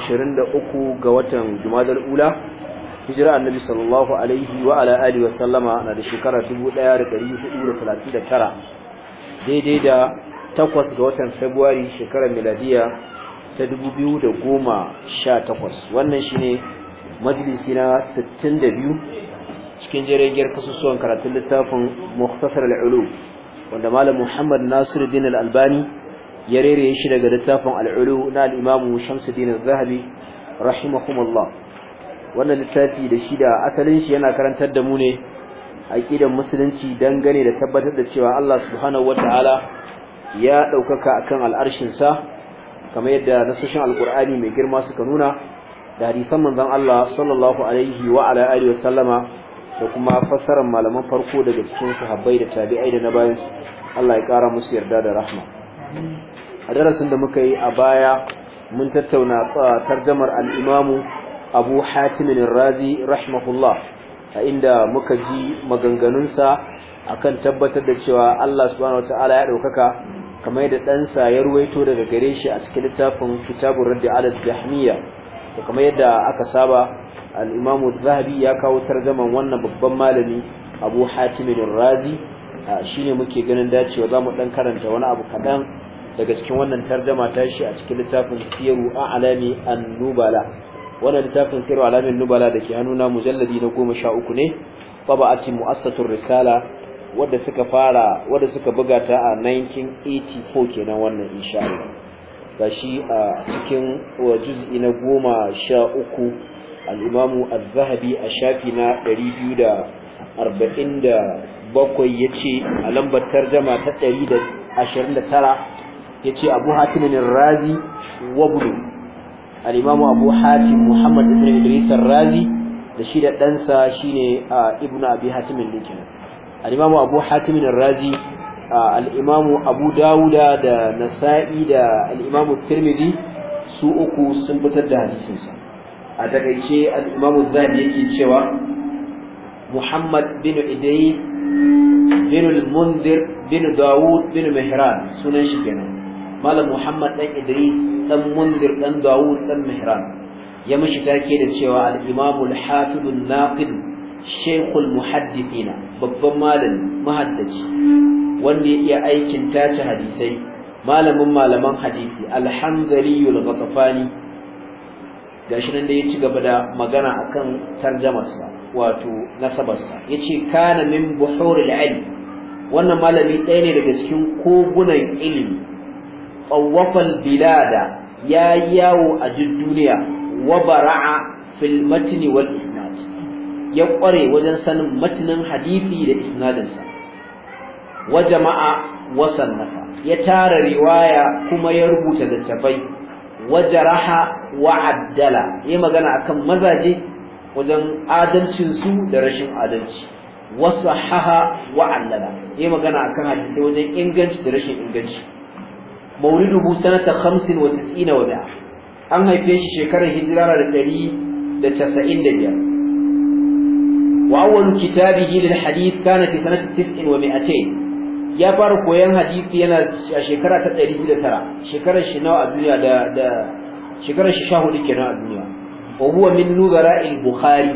23 ga watan Jumadal Ula hijira annabi sallallahu alaihi wa ala alihi wa sallama na da shekara 1439 daidai da 8 ga watan February shekarar miladiya ta 2018 wannan shine majalisi na 62 cikin jirgin kasusuwan karatun littafin Mukhtasar al-Ulum wanda malam Muhammad Nasiruddin Al-Albani ya rere shi daga littafin al'ulu na al'imamu shamsuddin zahabi rahimahumullah wannan littafi da shi da asalin shi yana karantar da mu ne aqidar musulunci dangane da tabbatar da cewa Allah subhanahu wataala ya daukaka akan al'arshin sa kamar yadda nasoshin al'kur'ani mai girma suka nuna da hadisan manzon Allah sallallahu alaihi wa ala alihi wa sallama da kuma fassarar malaman farko daga cikin sahabbai da tabi'ai da na bayan Allah ya kara musu yarda da rahma a darasin da muka yi a baya mun tattauna tarjamar al-Imam Abu Hatim al-Razi rahimahullah a inda muka ji maganganunsa akan tabbatar da cewa Allah subhanahu wataala ya ɗaukaka kamar da ɗansa ya ruwaito daga gare shi a cikin littafin kitabun radi ala jahmiya da kamar yadda aka saba al zahabi ya kawo tarjaman wannan babban malami abu hatimin razi shine muke ganin dacewa za mu ɗan karanta wani abu kaɗan daga cikin wannan tarjama ta shi a cikin littafin siyaru a alami nubala wannan littafin siyaru alami nubala da ke hannuna mujalladi na goma sha uku ne taba'ati mu'assatur risala wadda suka fara wadda suka buga ta a 1984 kenan wannan insha Allah gashi a cikin juz'i na goma sha uku al a az-zahabi a shafi na 247 yace a lambar tarjama ta 129 yace Abu Hatim ar-Razi wa Ibn al-Imam Abu Hatim Muhammad ibn Idris ar-Razi da shi da dan sa shine Ibn Abi Hatim al-Likin al-Imam Abu Hatim ar-Razi al-Imam Abu Dawud da Nasa'i da al-Imam Tirmidhi su uku sun fitar da hadisin sa a takaice al-Imam Zahabi yake cewa Muhammad bin Idris bin al-Munzir bin Dawud bin Mihran sunan shi kenan malam muhammad dan idris ɗan mundir ɗan dawud ɗan mihran ya mishi take da cewa al-imam al hafid al naqid shaykh al muhaddithin babban malam muhaddaci wanda ya iya aikin tace hadisai malamin malaman hadisi al-hamdali al-ghatafani gashi nan da ya ci gaba da magana akan tarjamarsa wato nasabarsa ya ce kana min buhuril ilm wannan malami ɗaya ne daga cikin kogunan ilimi tawafal bilada ya yawo a duniya wa bara'a fil matni wal isnad ya kware wajen sanin matnin hadisi da isnadinsa wa jama'a wa sannafa ya tara riwaya kuma ya rubuta littafai wa jaraha wa addala ya magana akan mazaje wajen adalcin su da rashin adalci wa sahaha wa allala ya magana akan hadisi wajen inganci da rashin inganci mauliduhu sanata 95 wa da an haife shi shekarar hijira da biyar. wa awwal kitabihi lil hadith kana fi sanati 9 wa ya fara koyan hadisi yana a shekara ta tara, shekarar shi nawa a duniya da da shekarar shi kenan a duniya wa huwa min nuzara bukhari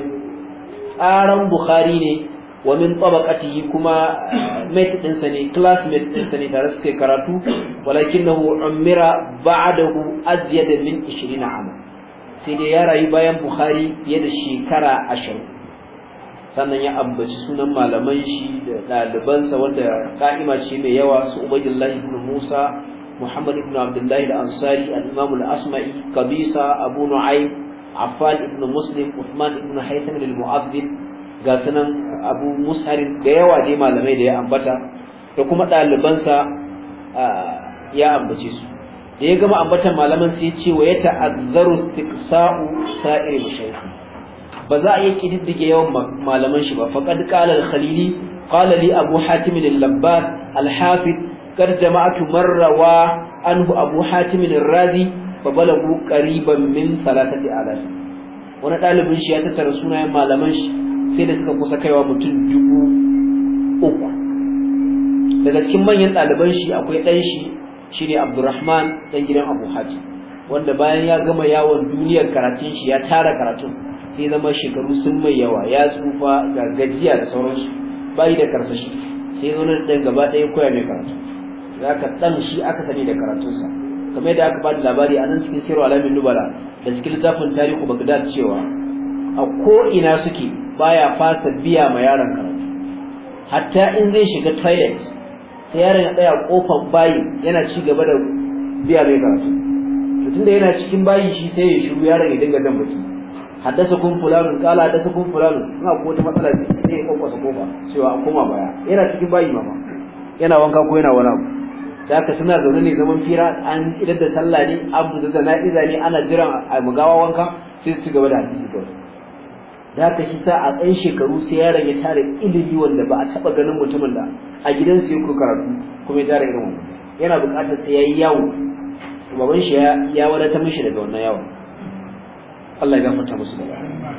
aran bukhari ne wa min tabaqatihi kuma ah, mate din sa ne classmate din sa ne tare suke karatu walakinahu umira ba'dahu azyada min 20 ama sai dai ya rayu bayan bukhari fiye da shekara 20 sannan ya ambaci sunan malaman shi da ɗalibansa wanda ka'ima ce mai yawa su ubaydullahi ibn musa muhammad ibn abdullahi al-ansari al-imam al-asma'i qabisa abu nu'aym عفان ابن مسلم عثمان ابن هيثم المؤذن ga sunan abu musharin da yawa dai malamai da ya ambata da kuma ɗalibansa ya ambace su da ya gama ambatan malaman sai ce wa ya ta'azzaru istiqsa'u sa'ir mushayikh ba za a yi kididdige yawan malaman shi ba faqad qala al-khalili qala li abu hatim al-labbat al hafid jama'atu marrawa anhu abu hatim al-razi fa balagu qariban min salatati wani ɗalibin shi ya tattara sunayen malaman shi sai da suka kusa kaiwa mutum dubu uku daga cikin manyan ɗaliban shi akwai ɗan shi shine abdurrahman ɗan gidan abu haji wanda bayan ya gama yawon duniyar karatun shi ya tara karatun sai zama shekaru sun mai yawa ya tsufa ga gajiya da sauransu bayi da karsashi sai zo nan ɗan gaba ɗaya koya mai karatu za ka ɗan shi aka sani da karatunsa kamar yadda aka bada labari a nan cikin sirru alamin nubala da cikin littafin tarihu bagdad cewa a ko ina suke baya fasa biya ma yaron karatu hatta in zai shiga toilet sai yaron ya tsaya kofar bayi yana ci gaba da biya mai karatu to tunda yana cikin bayi shi sai ya shiru yaron ya dinga jan baki haddasa kun fulanu kala haddasa kun fulanu ina ko wata matsala ce sai ya kwakwasa kofa cewa an koma baya yana cikin bayi mama yana wanka ko yana wani abu da haka suna zaune ne zaman fira an idar da sallah ne abu da zana'iza ne ana jiran a mugawa wanka sai su ci gaba da hadisi kawai Da ta shi sa a ɗan shekaru sai ya rage tare ilimi wanda ba a taɓa ganin mutumin da a gidansa ya karatu kuma ya tara irin yana buƙatar sai ya yi yawo baban shi ya wadatar mishi daga wannan yawon Allah ya gafarta musu da ba.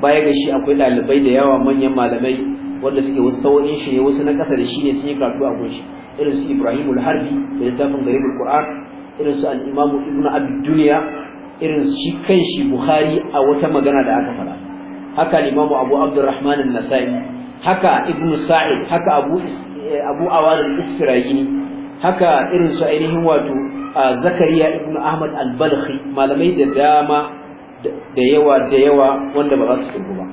baya ga shi akwai ɗalibai da yawa manyan malamai wanda suke wasu sau'in shi ne wasu na ƙasa da shi ne sun yi karatu a gunshi irin su Ibrahimul Harbi da littafin al Qur'an irin su al-Imam Ibn Abi Dunya irin shi kanshi Bukhari a wata magana da aka faɗa haka limamu abu abdurrahman al nasai haka ibnu sa'id haka abu eh, abu awar al isfirayi haka irin su ainihin wato zakariya ibnu ahmad al balhi malamai da dama da yawa da yawa wanda ba za su tsugu ba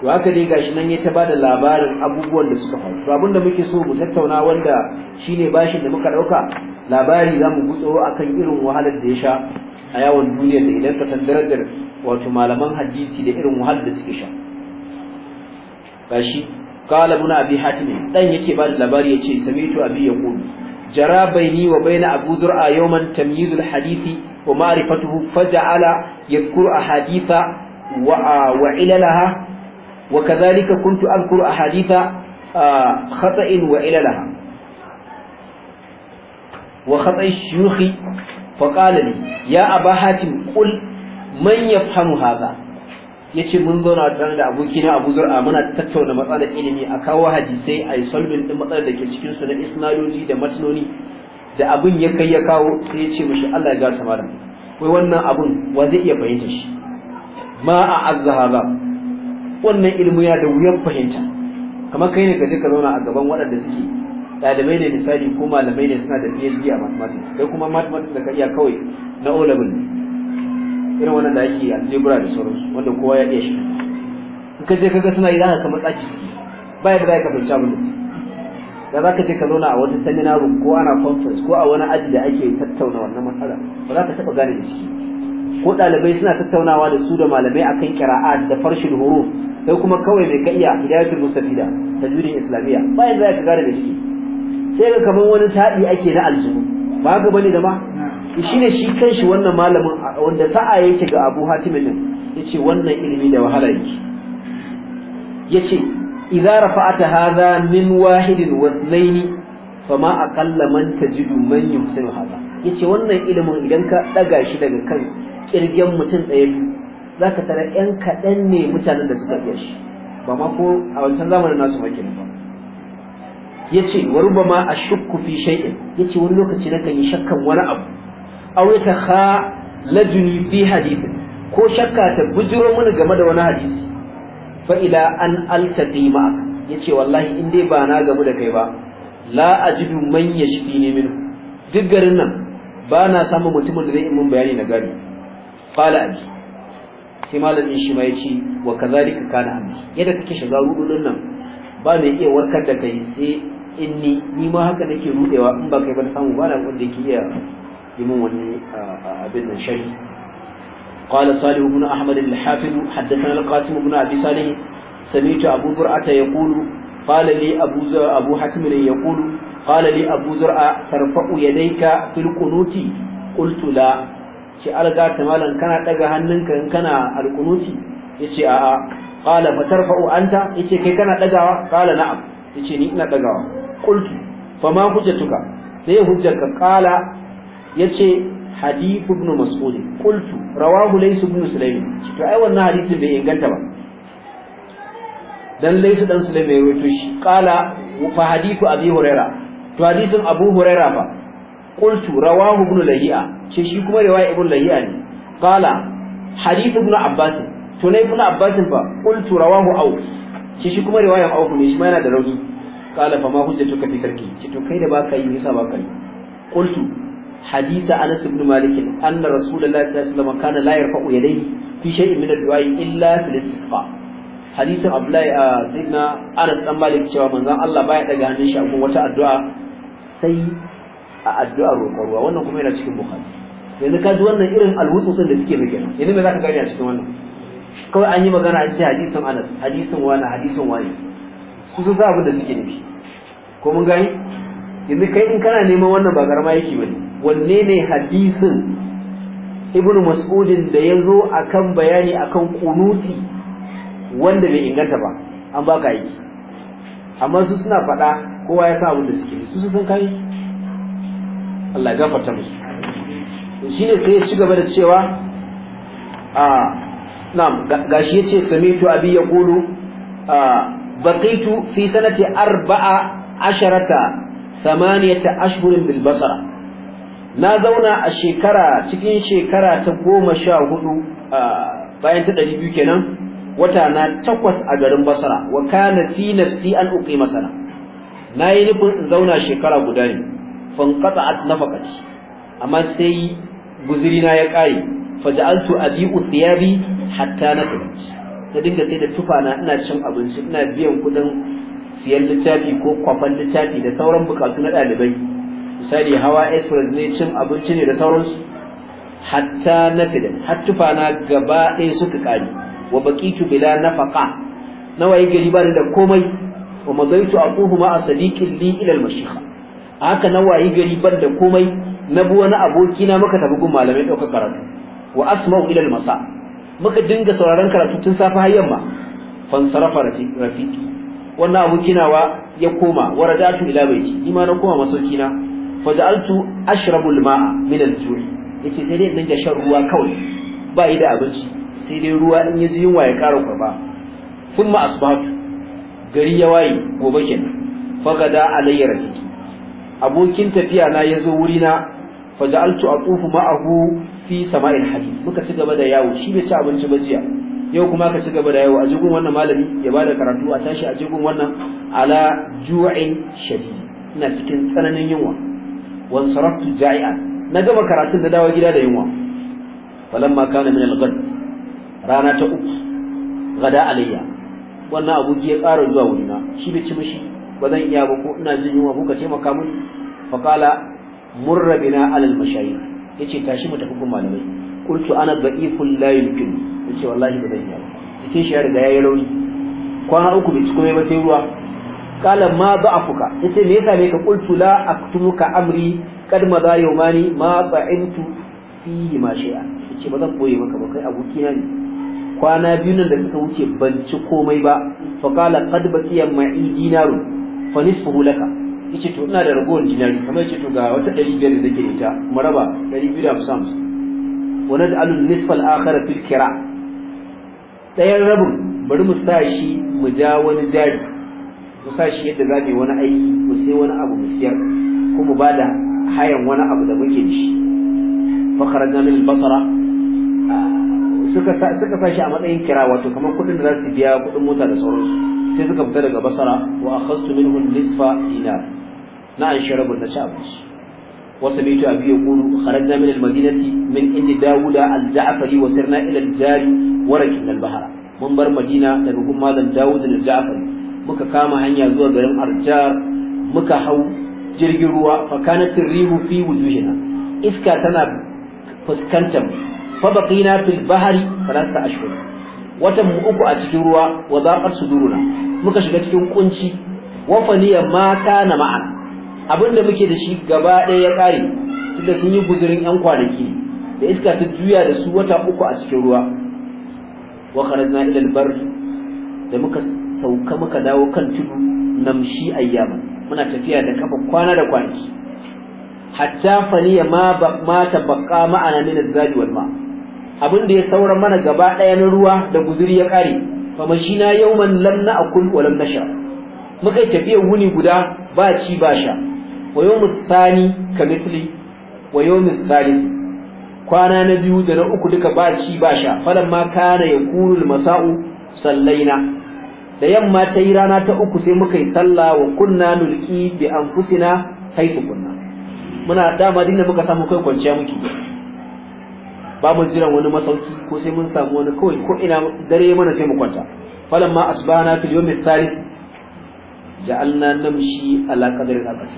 to haka dai gashi nan ya ta bada labarin abubuwan da suka faru to abinda muke so mu tattauna wanda shine bashin da muka dauka labari za mu a akan irin wahalar da ya sha a yawon duniya da idan ka san wato malaman hadisi da irin wahalar da suke sha gashi qala ibn abi hatim dan yake ba da labari ce samitu abi kudu. jara baini wa baina abu zur'a yawman tamyizul hadisi wa ma'rifatuhu faja'ala yadhkuru ahaditha wa wa ilalaha وكذلك كنت أذكر أحاديث خطأ وإلى لها وخطأ الشيوخ فقال لي يا أبا حاتم قل من يفهم هذا yace mun zauna tare da abokina Abu Zur'a muna tattauna matsalar ilimi a kawo hadisai a solving din matsalar da ke cikin su na isnadoji da matnoni da abin ya kai ya kawo sai ya ce mishi Allah ya gasa malam wai wannan abun wa zai iya fahimta shi ma a azhaba wannan ilimi ya da wuyan fahimta kamar kai ne ka je ka zauna a gaban waɗanda suke ɗalibai ne misali ko malamai ne suna da PhD a mathematics kai kuma mathematics da ka iya kawai na O level irin wannan da ake algebra da sauransu wanda kowa ya iya shi in ka je kaga suna yi zaka kamar tsaki suke ba yadda za ka fahimci abin da su da za ka je ka zauna a wata seminar room ko ana conference ko a wani aji da ake tattauna wannan matsala ba za ka taɓa gane da shi ko ɗalibai suna tattaunawa da su da malamai akan kira'a da farshin huruf sai kuma kawai mai ka iya hidayatul musafida tajwidin islamiyya ba yadda za ka gane da shi sai ga kamar wani taɗi ake na aljihu ba haka bane da ma shi ne shi shi wannan malamin wanda sa'a yake ga abu hatimin ya ce wannan ilimi da wahala yake ce idza rafa'ata hadha min wahidin wa thnaini fama aqalla man tajidu man yuhsinu hadha ce wannan ilimin idan ka daga shi daga kan kirgen mutum ɗaya zaka tara yan kaɗan ne mutanen da suka iya shi ba ma ko a wancan zamanin nasu makin ba yace wa rubama shukku fi Ya ce, wani lokaci na kan yi shakkan wani abu aw ta ha, lajuni fi hadithin ko shakka ta bujiro mini game da wani hadisi fa ila an altaqi Ya ce, wallahi in dai ba na gamu da kai ba la ajidu man yashfini minhu duk garin nan ba na samun mutumin da zai min bayani na gari qala abi sai malamin shi ma yace wa kazalika kana abi yadda kake shiga rudun nan ba mai iya warkar da kai sai in ni ni ma haka nake rudewa in ba kai ba samu ba na wanda ke iya yi min wani abin nan shari قال صالح بن أحمد الحافظ حدثنا القاسم بن أبي صالح سمعت أبو زرعة يقول قال لي أبو أبو حاتم يقول قال لي أبو زرعة ترفع يديك في القنوت قلت لا شي ألقى تمالا كان تلقى هننك كان القنوت يشي آآ qala fatarfa'u anta yace kai kana dagawa qala na'am yace ni ina dagawa qultu fama hujjatuka sai hujjarka qala yace hadith ibn mas'ud qultu rawahu lays ibn sulaym to ai wannan hadisin bai inganta ba dan lays dan sulaym ya rawaito shi qala fa hadithu abi huraira to hadithin abu huraira fa qultu rawahu ibn lahi'a ce shi kuma riwaya ibn lahi'a ne qala hadith ibn abbas to na ibn abbas fa qultu rawahu aw shi shi kuma riwayan aw ne shi ma yana da rauni qala fa ma hujjatuka fi tarki ce to kai da baka yi yasa baka yi qultu حديث انس بن مالك ان رسول الله صلى الله عليه وسلم كان لا يرفع يديه في شيء من الدعاء الا في الاستسقاء hadisin Abdullahi a ah, Sayyidina Anas dan Malik cewa manzon Allah baya daga hannun shi akan wata addu'a sai a addu'ar roƙon ruwa wannan kuma yana cikin Bukhari yanzu ka ji wannan irin alwutsu da suke muke yanzu me zaka gani a cikin wannan kawai an yi magana a cikin hadisin anas hadisin wani hadisin wani su sun sa abin da suke nufi ko mun gani yanzu kai in kana neman wannan ba garma yake bane wanne ne hadisin ibnu mas'udin da ya zo akan bayani akan kunuti wanda bai inganta ba an baka aiki amma su suna faɗa kowa ya sa abin da suke su sun kai Allah ya gafarta musu shine sai ya ci gaba da cewa a ah, na'am gashi yace samitu abi yaqulu ah, baqitu fi sanati arba'a ta samaniya ta bil basra na zauna a shekara cikin shekara ta goma sha hudu ah, bayan ta ɗari biyu kenan wata na takwas a garin Basara, wa kana fi nafsi an uqi masana na yi nufin in zauna shekara guda ne fanqata at nafaqati amma sai guziri na ya ƙare faja'altu abi'u thiyabi hatta nakulat ta dinga sai da tufana ina cin abinci ina biyan kudin siyan littafi ko kwafan littafi da sauran bukatu na ɗalibai misali hawa express ne cin abinci ne da sauransu hatta nafidan har tufana gaba ɗaya suka ƙare wa baqitu bila nafaqa nawa yi gari bani da komai wa madaitu aquhu ma sadiqin li ila al-mashikha haka nawa yi gari bani da komai na bi wani aboki na muka tafi gun malamai ɗaukar karatu wa asma'u ila al-masa muka dinga sauraron karatu tun safe har yamma sarafa rafiki wannan kinawa ya koma wa radatu ila baiti imanan na koma masauki na fa ja'altu ashrabu al-ma'a min al-ju' yace sai dai dinga shan ruwa kawai ba yi da abinci sai dai ruwa in yaji yunwa ya ƙara kurba thumma asbahtu gari ya waye gobe kenan fa gada alayya rafiki abokin tafiya na yazo wuri na fa ja'altu aqufu ma'ahu fi sama'il hadith muka ci gaba da yawo shi bai ci abinci ba jiya yau kuma ka ci gaba da yawo a jigun wannan malami ya bada karatu a tashi a jigun wannan ala ju'in shadid ina cikin tsananin yunwa wan saraftu ja'ian na gama karatun da dawo gida da yunwa falamma kana min al-ghad rana ta uku gada alayya wannan abuki ya ƙara zuwa wurina shi bai ci mishi ba zan iya ba ko ina jin yunwa ko ka taimaka min fa qala murra bina alal mashayikh yace tashi mu tafi gun malamai qultu ana da'ifun la yumkin yace wallahi ba zan iya ba cikin shi ya riga yayi rauni kwana uku bai ci kuma ba sai ruwa kala ma da'afuka yace me yasa ne ka qultu la aktubuka amri kad ma za yawmani ma ta'intu fihi ma shi'a yace ba zan boye maka ba kai abokina ne kwana biyu nan da suka wuce ban ci komai ba fa kala qad baqiya ma'i fa nisfuhu laka yace to ina da ragowar dinari kamar yace to ga wata ɗari biyar da take ita maraba raba ɗari biyu da hamsin nisfal akhara fil kira ɗayan rabin bari mu sa shi mu ja wani jari mu sa shi yadda za wani aiki mu sai wani abu mu siyar ko mu bada hayan wani abu da muke da shi fa kharaja min basra suka sa shi a matsayin kira wato kamar kudin da za su biya kudin mota da sauransu sai suka fita daga basara wa akhadtu minhu nisfa dinar na an sharabu na ci abinci wa samitu abi yaqulu kharajna min al-madinati min indi dawuda al-ja'fari wa sirna ila al-jari wa rakibna al mun bar madina daga gun malam dawud al-ja'fari muka kama hanya zuwa garin arjar muka hau jirgin ruwa fa kanat rihu fi wujuhina iska tana fuskantar fa baqina fil bahri thalathata ashhur watan mu uku a cikin ruwa wa zaqar suduruna muka shiga cikin kunci wa faniya ma kana ma'a abinda muke da shi gaba ɗaya ya kare tunda sun yi guzurin yan kwanaki da iska ta juya da su wata uku a cikin ruwa wa kharajna ila al-bar da muka sauka muka dawo kan tudu namshi ayyama muna tafiya da kafa kwana da kwanaki hatta faniya ma ma tabaqa ma'ana min az wal ma' abin da ya saura mana gaba ɗaya na ruwa da guzuri ya ƙare fa shi na yawman lam na akul wa lam nasha muka tafiya tafiyar wuni guda ba ci ba sha wa yawmu tsani ka misli wa yawmu tsani kwana na biyu da na uku duka ba ci ba sha falan ma kana yakunul masa'u sallaina da yamma ta yi rana ta uku sai muka yi sallah wa kunna nulqi bi anfusina haythu kunna muna dama dinda muka samu kai kwanciya muke ba mu jiran wani masauki ko sai mun samu wani kawai ko ina dare mana sai mu kwanta ma asbana fil yawm al-thalith ja'alna namshi ala qadri al-aqas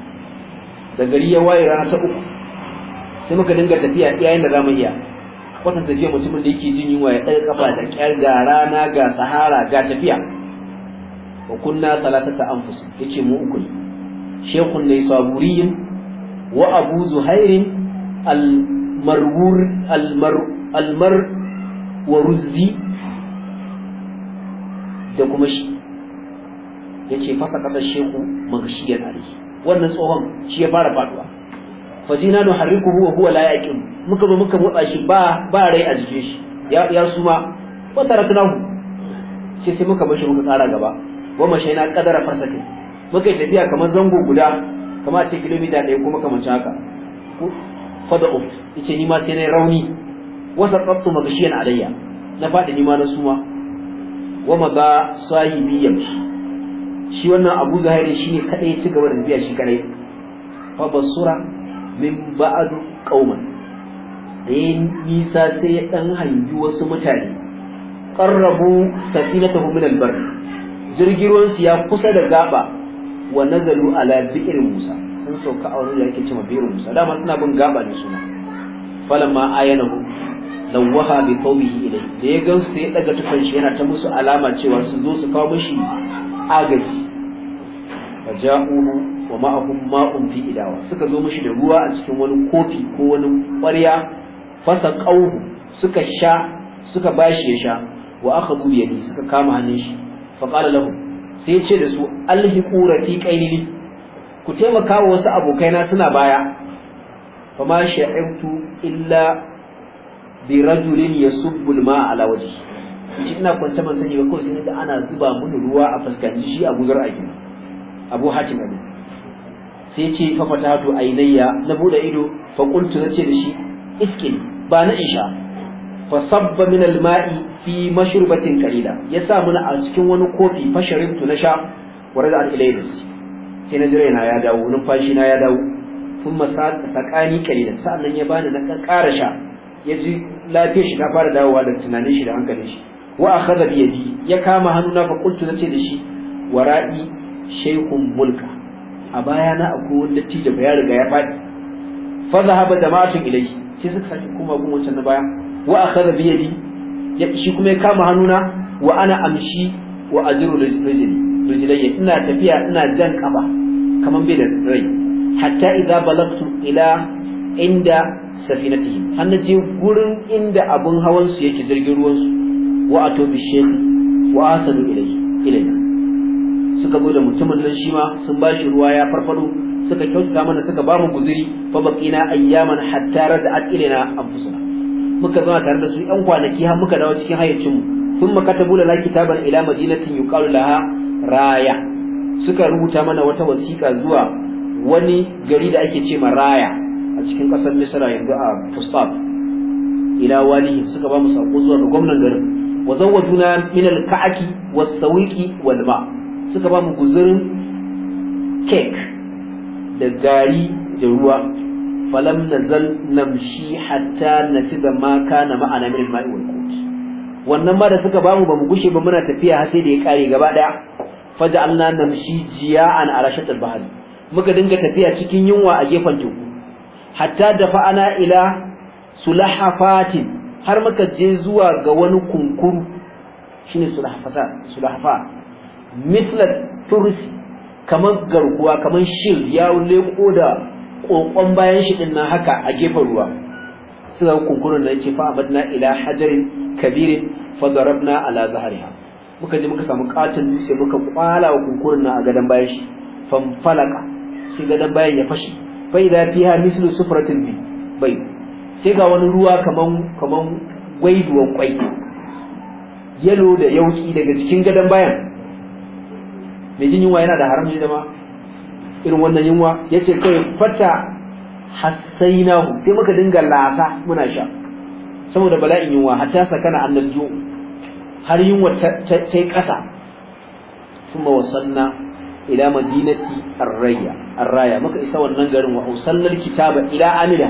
da gari ya waye rana ta uku sai muka dinga tafiya iyayen da zamu iya kwatan tafiya mutumin da yake jin yunwa ya ɗaga kafa da kyar ga rana ga sahara ga tafiya wa kunna salatata anfus yace mu uku Shekhun ne saburiyin wa abu zuhairin al marwur almar wa ruzzi da kuma shi ya ce fasa kasar sheku ya ali wannan tsohon shi ya fara faduwa fazina nu harikuhu wa huwa la yaqin muka zo muka motsa shi ba ba rai a jikin shi ya ya suma wa taraknahu sai sai muka shi muka tsara gaba wa mashaina qadara farsatin muka yi tafiya kamar zango guda kamar a ce kilomita ɗaya kuma kamar haka fada'u yace ni ma sai nayi rauni wasa qattu mabshiyan alayya na fadi ni ma na suma wa maga sahibi yamshi shi wannan Abu Zahiri shine kadai ya ci gaba da biya shi kadai fa basura min ba'd qauman dai ya nisa sai ya dan hangi wasu mutane qarrabu safinatahu min albar bar jirgin ya kusa da gaba wa nazalu ala bi'ir Musa sun sauka a wurin da yake cewa bi'ir Musa dama suna bin gaba ne suna falamma ayanahu lawaha bi qawmihi ilay da ya gansu sai ya daga tufan shi yana ta musu alama cewa su zo su kawo mishi agaji faja'uhu wa ma'ahum ma'un fi idawa suka zo mishi da ruwa a cikin wani kofi ko wani ƙwarya fasa qawhu suka sha suka bashi ya sha wa akhadhu bi yadi suka kama hannun shi fa qala lahum sai ya ce da su alhiqu rafiqaini ku taimaka wa wasu abokaina suna baya ma sha'ibtu illa bi rajulin yasubbu al-ma'a ala wajhi shi ina kwance man sani ba ko sai da ana zuba mun ruwa a fuskanci shi a guzar a gida. Abu hakim ne sai ce fa fatatu ainayya na bude ido fa qultu nace da shi iskin ba na insha fasabba min alma'i fi mashrubatin qalila ya sa mun a cikin wani kofi fasharin tu na sha wa al ilayhi sai na jira ya dawo numfashi na ya dawo thumma sakani qalilan sannan ya bani na ƙara sha ya ji lafiyar shi ta fara dawowa da tunanin shi da hankalin shi wa akhadha bi yadi ya kama hannuna fa qultu nace da shi wara'i shaykhun mulka a baya na akwai wanda tije ba ya riga ya fadi fa zahaba jama'atun ilayhi sai suka sake kuma wancan na baya wa akhadha bi yadi shi kuma ya kama hannuna wa ana amshi wa ajru rijli rijlayya ina tafiya ina jan kafa kaman bai da rai hatta idza balagtu ila inda safinatihim hannu je gurin inda abun hawan su yake jirgin ruwan su wa ato bi shaykh wa asadu ilayhi ilayna suka zo mutumin nan shi ma sun bashi ruwa ya farfado suka kyautata mana suka ba mu guzuri fa baqina ayyaman hatta rada'at ilayna anfusuna muka zama tare da su yan kwanaki har muka dawo cikin hayyacin mu thumma bula lana kitaban ila madinatin yuqalu laha raya suka rubuta mana wata wasiƙa zuwa wani gari da ake ce ma raya a cikin ƙasar misra yanzu a fustaf ila wali suka ba mu sako zuwa ga gwamnan garin wa zawwajuna min al-ka'aki was-sawiqi wal-ma suka ba mu guzurin cake da gari da ruwa falam nazal namshi hatta nafiza ma kana ma'ana min ma'i wal qut wannan ma da suka bamu bamu gushe ba muna tafiya har sai da ya kare gaba daya faj'alna namshi jiya'an ala shatil bahr muka dinga tafiya cikin yunwa a gefen teku hatta dafa'ana ila sulahafati har muka je zuwa ga wani kunkuru shine sulahafata sulahafa mithla tursi kamar garkuwa kamar shil ya leko da kokon bayan shi din nan haka a gefen ruwa suka ga kunkurun nan ce fa abadna ila hajarin kabirin fa darabna ala zahariha muka je muka samu katin sai muka kwala wa kunkurun nan a gadan bayan shi falaka sai gadan bayan ya fashi fa idza fiha mislu sufratin bi bai sai ga wani ruwa kaman kaman gwaiduwan kwai yalo da yauki daga cikin gadan bayan mai jin yunwa yana da haram da ma irin wannan yunwa ce kai fata hassainahu sai muka dinga lasa muna sha saboda bala'in yunwa ta sakana annal ju har yunwa ta yi kasa kuma wasanna ila madinati arraya arraya muka isa wannan garin wa usallal kitaba ila amila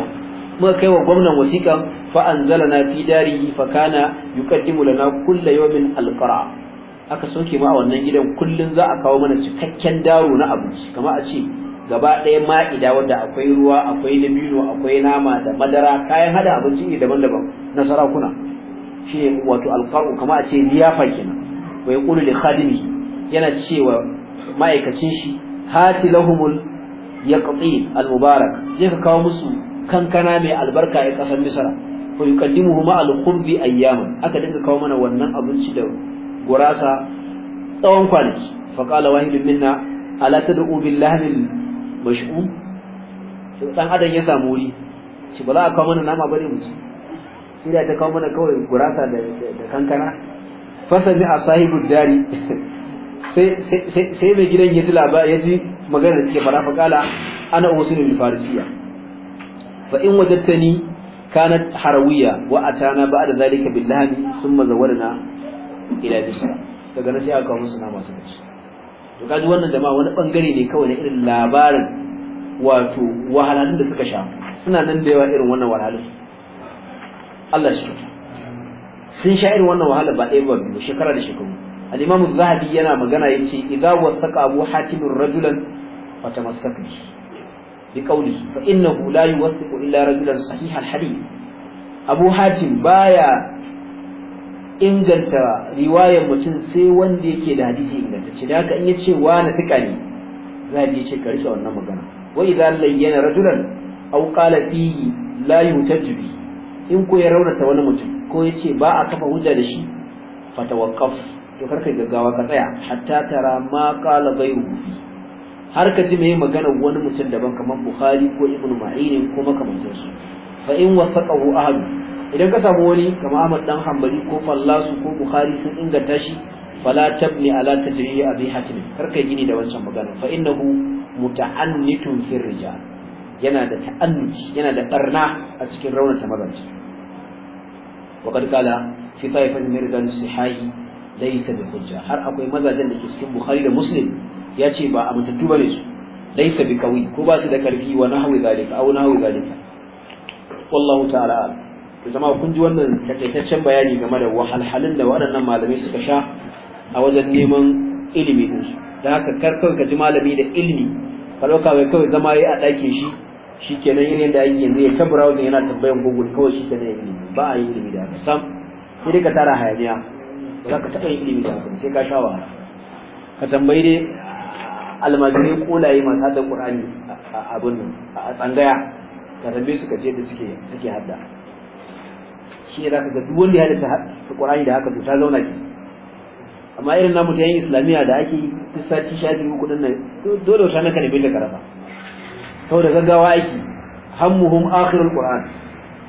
muka kai wa gwamnan wasiƙa fa anzalana fi darihi fa kana yuqaddimu lana kulla yawmin alqara aka soke a wannan gidan kullun za a kawo mana cikakken daro na abinci kamar a ce gaba ɗaya ma'ida wanda akwai ruwa akwai dabino akwai nama da madara kayan hada abinci ne daban-daban na sarakuna shi ne wato alƙaru kama a ce liyafa kenan wai yaqulu li khadimi yana cewa ma'aikacin shi hati lahumul yaqti al-mubarak je ka kawo musu kankana mai albarka a ƙasar misra ko yukaddimu ma al-qurbi ayyaman aka dinga kawo mana wannan abinci da gurasa tsawon kwanaki Faƙala qala wahidun minna ala tad'u billahi mash'um to dan adam ya samu wuri shi ba za a kawo mana nama ba ne mu sai da ta kawo mana kawai gurasa da da kankana fa sami asahibud dari sai mai gidan ya ji labari ya ji magana take fara fa qala ana usul bil farisiya fa in wajen ta ni wajadtani كانت حروية da بعد ذلك sun ثم زورنا ila bisa daga nan sai aka kawo musu nama masu ci to kaji wannan jama'a wani bangare ne kawai na irin labarin wato wahalhalun da suka sha suna nan da yawa irin wannan wahalhalun Allah shi sun sha irin wannan wahala ba ɗaya ba biyu shekara da shekaru al-imam zahabi yana magana yace idza wasaqa abu hatim rajulan fatamassak bihi بقوله فإنه لا يوثق إلا رجلا صحيح hadith abu hatim baya. inganta riwayar mutum sai wanda yake da hadisi inganta ce, da haka in yace wa na tuka ne za a ce ka rike wannan magana wa idan layyana rajulan aw qala fihi la yutajbi in ko ya raunata wani mutum ko yace ba a kafa hujja da shi fatawaqqaf to karka gaggawa ka tsaya hatta tara ma qala ghayru har ka ji mai magana wani mutum daban kamar Bukhari ko Ibn Ma'in ko makamantansu fa in wasaqahu ahadu idan ka samu wani kamar Ahmad dan Hanbali ko Fallasu ko Bukhari sun inganta shi fala tabni ala tajrihi abi hatim kar kai gini da wancan magana fa innahu muta'annitun fi rijal yana da ta'annuci yana da barna a cikin raunata mabanci wa kad kala fi taifatin min rijal sihahi laysa bi hujja har akwai mazajen da ke cikin Bukhari da Muslim ya ce ba abu tattu bane su laysa bi kawi ko ba su da karfi wa nahwi zalika aw nahwi zalika wallahu ta'ala to zama kun ji wannan takaitaccen bayani game da wahalhalun da waɗannan malamai suka sha a wajen neman ilimi din su da haka karkar ka ji malami da ilimi ka ɗauka mai kawai zama ya a ɗakin shi shi kenan yin da ake yanzu ya ta browsing yana tambayan google kawai shi kenan ya ba a yi ilimi da haka sam sai dai ka tara hayaniya za ka taɓa yin ilimi da haka sai ka sha wahala ka tambayi dai almajirai kolaye masu hada ƙur'ani a abin nan a tsangaya ka tambaye su ka da suke suke hadda shi ne zaka ga duk wanda ya da Qur'ani da haka ta zauna ki amma irin namu ta yin islamiyya da ake ta sati sha biyu kudin nan dole wata na kalibe da karama da gaggawa aiki hammuhum akhirul qur'an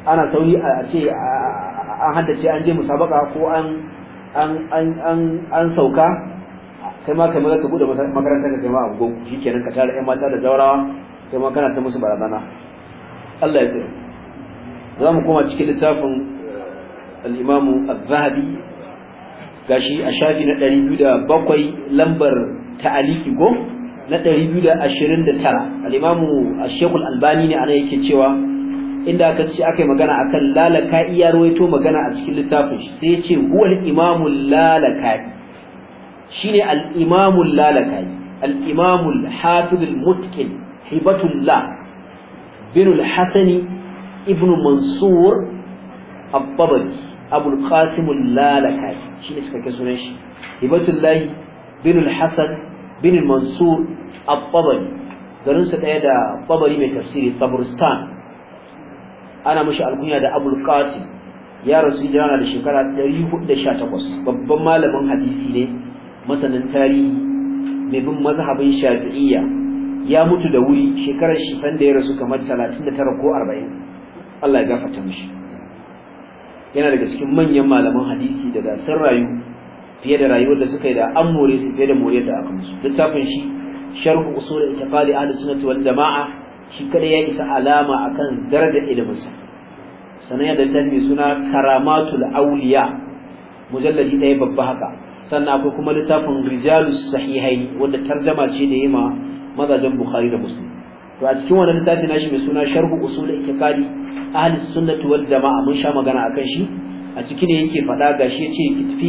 ana sauri a ce an haddace an je musabaka ko an an an an an sauka sai ma kamar ka bude makarantar ka kai ma shi shikenan ka tara ƴan mata da zawarawa sai ma kana ta musu barazana Allah ya tsare za mu koma cikin littafin al-imamu az-zahabi gashi a shafi na bakwai lambar ta'aliki go na 229 al-imamu ash a shekul albani ne ana yake cewa inda aka ce aka yi magana akan lalaka'i ya rawaito magana a cikin littafin shi sai ya ce huwa al-imamu lalaka'i shine al-imamu lalaka al-imamu al hibatullah bin al-hasani ibn mansur abbabari abul qasimul lalakai shi ne suka sunan shi hibatullahi bin al-hasan bin mansur abbabari garin ɗaya daya da babari mai tafsiri Tabristan. ana mashi alkunya da abul qasim ya rasu hijira da shekara 418 babban malamin hadisi ne masanin tarihi mai bin mazhabin shafi'iyya ya mutu da wuri shekarar shi da ya rasu kamar 39 ko 40 Allah ya gafarta mishi yana daga cikin manyan malaman hadisi da gasar rayu fiye da rayuwar da suka yi da an more su fiye da moriyar da aka musu littafin shi sharh usul i'tiqadi ahli sunnati wal jamaa shi kada ya isa alama akan darajar sa sanan da littafi mai suna karamatul awliya mujalladi ɗaya babba haka sannan akwai kuma littafin rijalus sahihai wanda tarjama ce da yima mazajen bukhari da muslim to a cikin wannan littafi nashi mai suna sharhu usul itiqadi ahli sunnati wal jamaa mun sha magana akan shi a ciki ne yake faɗa gashi yace itfi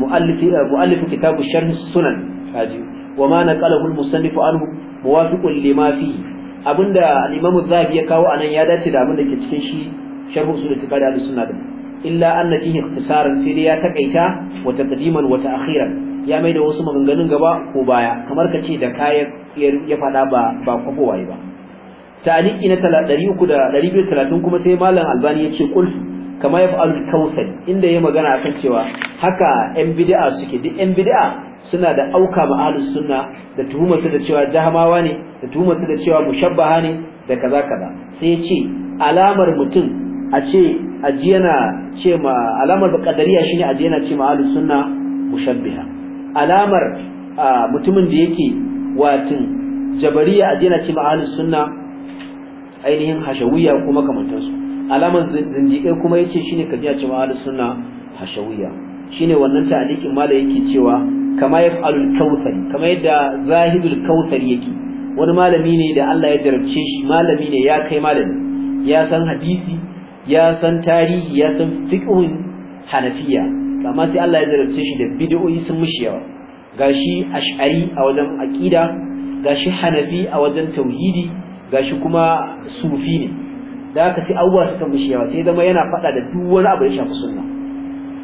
muallif muallif kitabu sharh sunan kaji wa ma naqalahu al musannif anhu muwafiqun lima al-imam zahabi ya kawo anan ya dace da abinda ke cikin shi sharh usul itiqadi ahli sunna illa anna ikhtisaran sai dai ya takaita wa taqdiman wa ta'khiran ya mai da wasu maganganun gaba ko baya kamar ka ce da kaya ya faɗa ba ba kwafowa ba ta'aliki na 330 kuma sai malam albani ya ce kul kama ya fa'alul kausal inda ya magana akan cewa haka yan bid'a suke duk yan bid'a suna da auka ma ahlus sunna da tuhumar su da cewa jahamawa ne da tuhumar su da cewa mushabbaha ne da kaza kaza sai ya ce alamar mutum a ce ajiyana ce ma alamar bakadariya shine ajiyana ce ma ahlus sunna mushabbiha alamar mutumin da yake watin jabariya a jina ce ma'alis sunna ainihin hashawiya kuma kamantansu alamar zindiƙai kuma yace shine ka jina a ce suna sunna hashawiya shine wannan ma da yake cewa kama yaf'alul kautsari kama yadda zahidul kautsari yake wani malami ne da Allah ya jarabce shi malami ne ya kai malami ya san hadisi ya san tarihi ya san fiqhun hanafiya amma sai Allah ya jarabce shi da bid'o'i sun mishi yawa gashi ash'ari a wajen aqida gashi hanafi a wajen tauhidi gashi kuma sufi ne da haka sai abubuwa suka mishi yawa sai zama yana faɗa da duk wani abu da shafi sunna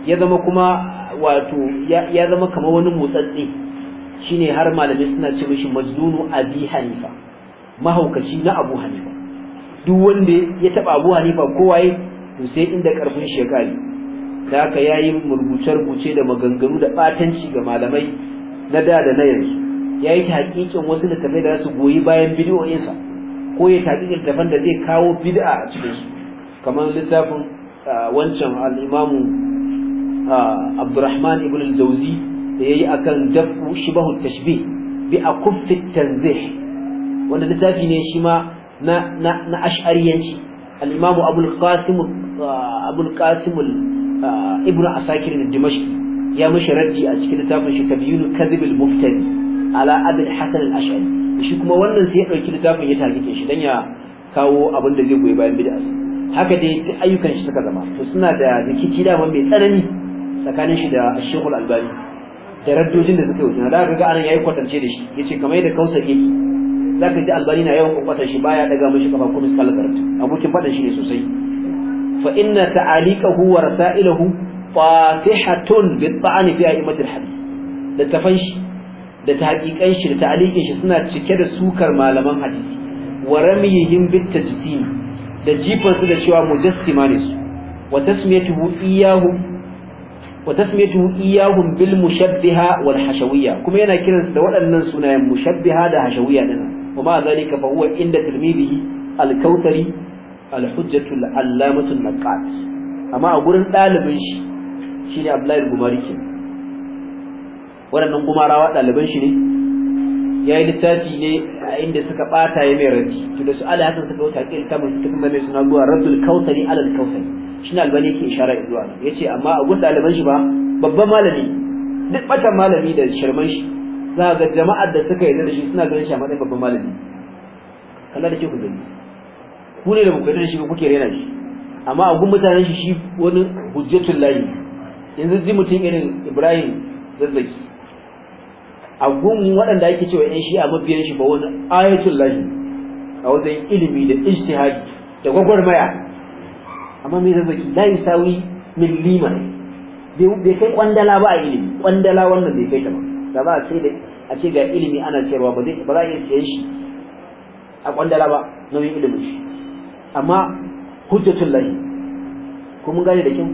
ya zama kuma wato ya zama kamar wani motsatsi shine har malamai suna ce mishi majnunu abi hanifa mahaukaci na abu hanifa duk wanda ya taba abu hanifa kowaye to sai inda karfin shekari da haka yayi rubuce-rubuce da maganganu da batanci ga malamai na da da na yanzu ya yi taƙiƙin wasu da tafai da su goyi bayan bidiyoyinsa ko ya taƙiƙin littafan da zai kawo bid'a a cikin su kamar littafin wancan al'imamu Abdurrahman ibn al-Jawzi da yayi akan dafu shibahu tashbih bi akuffi tanzih wanda littafi ne shi ma na ash'ariyanci al'imamu Abul ibnu asakir da dimashki ya mishi raddi a cikin littafin shi tabyinu kadhib muftari ala abin hasan al-ash'ari shi kuma wannan sai ya dauki littafin ya tarike shi dan ya kawo abin da zai goyi bayan bid'a haka dai duk ayyukan shi suka zama to suna da rikici dama mai tsanani tsakanin shi da Sheikh al-Albani da raddojin da suka yi da ga anan yayi kwatance da shi yace kamar yadda kausa yake zaka ji Albani na yawan kwatance shi baya daga mishi kafa kuma skallar abokin fadan shi ne sosai fa inna ta'aliqahu wa rasailahu fatihatun bi ta'ani fi a'immatil hadith da tafan shi da tahqiqan shi da ta'aliqin suna cike da sukar malaman hadisi wa ramiyihim bit da jifan su da cewa mujassima ne su wa tasmiyatuhu iyyahu wa bil mushabbiha wal kuma yana kiransu da waɗannan sunayen mushabbiha da hashawiyya dinnan وما ذلك فهو عند تلميذه الكوثري al-hujjatul allamatul naqat amma a gurin dalibin shi shine Abdullahi Gumari ke waɗannan rawa ɗaliban shi ne yayi littafi ne a inda suka bata ya mai to da su ala hasan suka wuta kin ta musu kuma mai suna zuwa raddul kautari alal kautari shine albani yake ishara zuwa yace amma a gurin ɗaliban shi ba babban malami duk batan malami da shirman shi za ga jama'ar da suka yi da shi suna ganin shi a matsayin babban malami kallar da ke ku gani ku ne da bukatar da shi kuke rena shi amma a mutanen shi shi wani hujjatun layi. yanzu ji mutum irin Ibrahim zazzaki a waɗanda ake cewa yan shi a mabiyan shi ba wani ayatun layi. a wajen ilimi da ijtihadi da gwagwarmaya amma mai zazzaki layi sawi min liman bai kai kwandala ba a ilimi kwandala wannan bai kai ta ba da ba a ce da a ce ga ilimi ana cewa ba za a iya siyan shi a kwandala ba nauyin ilimin shi amma hujjatun lahi ko mun gane da kin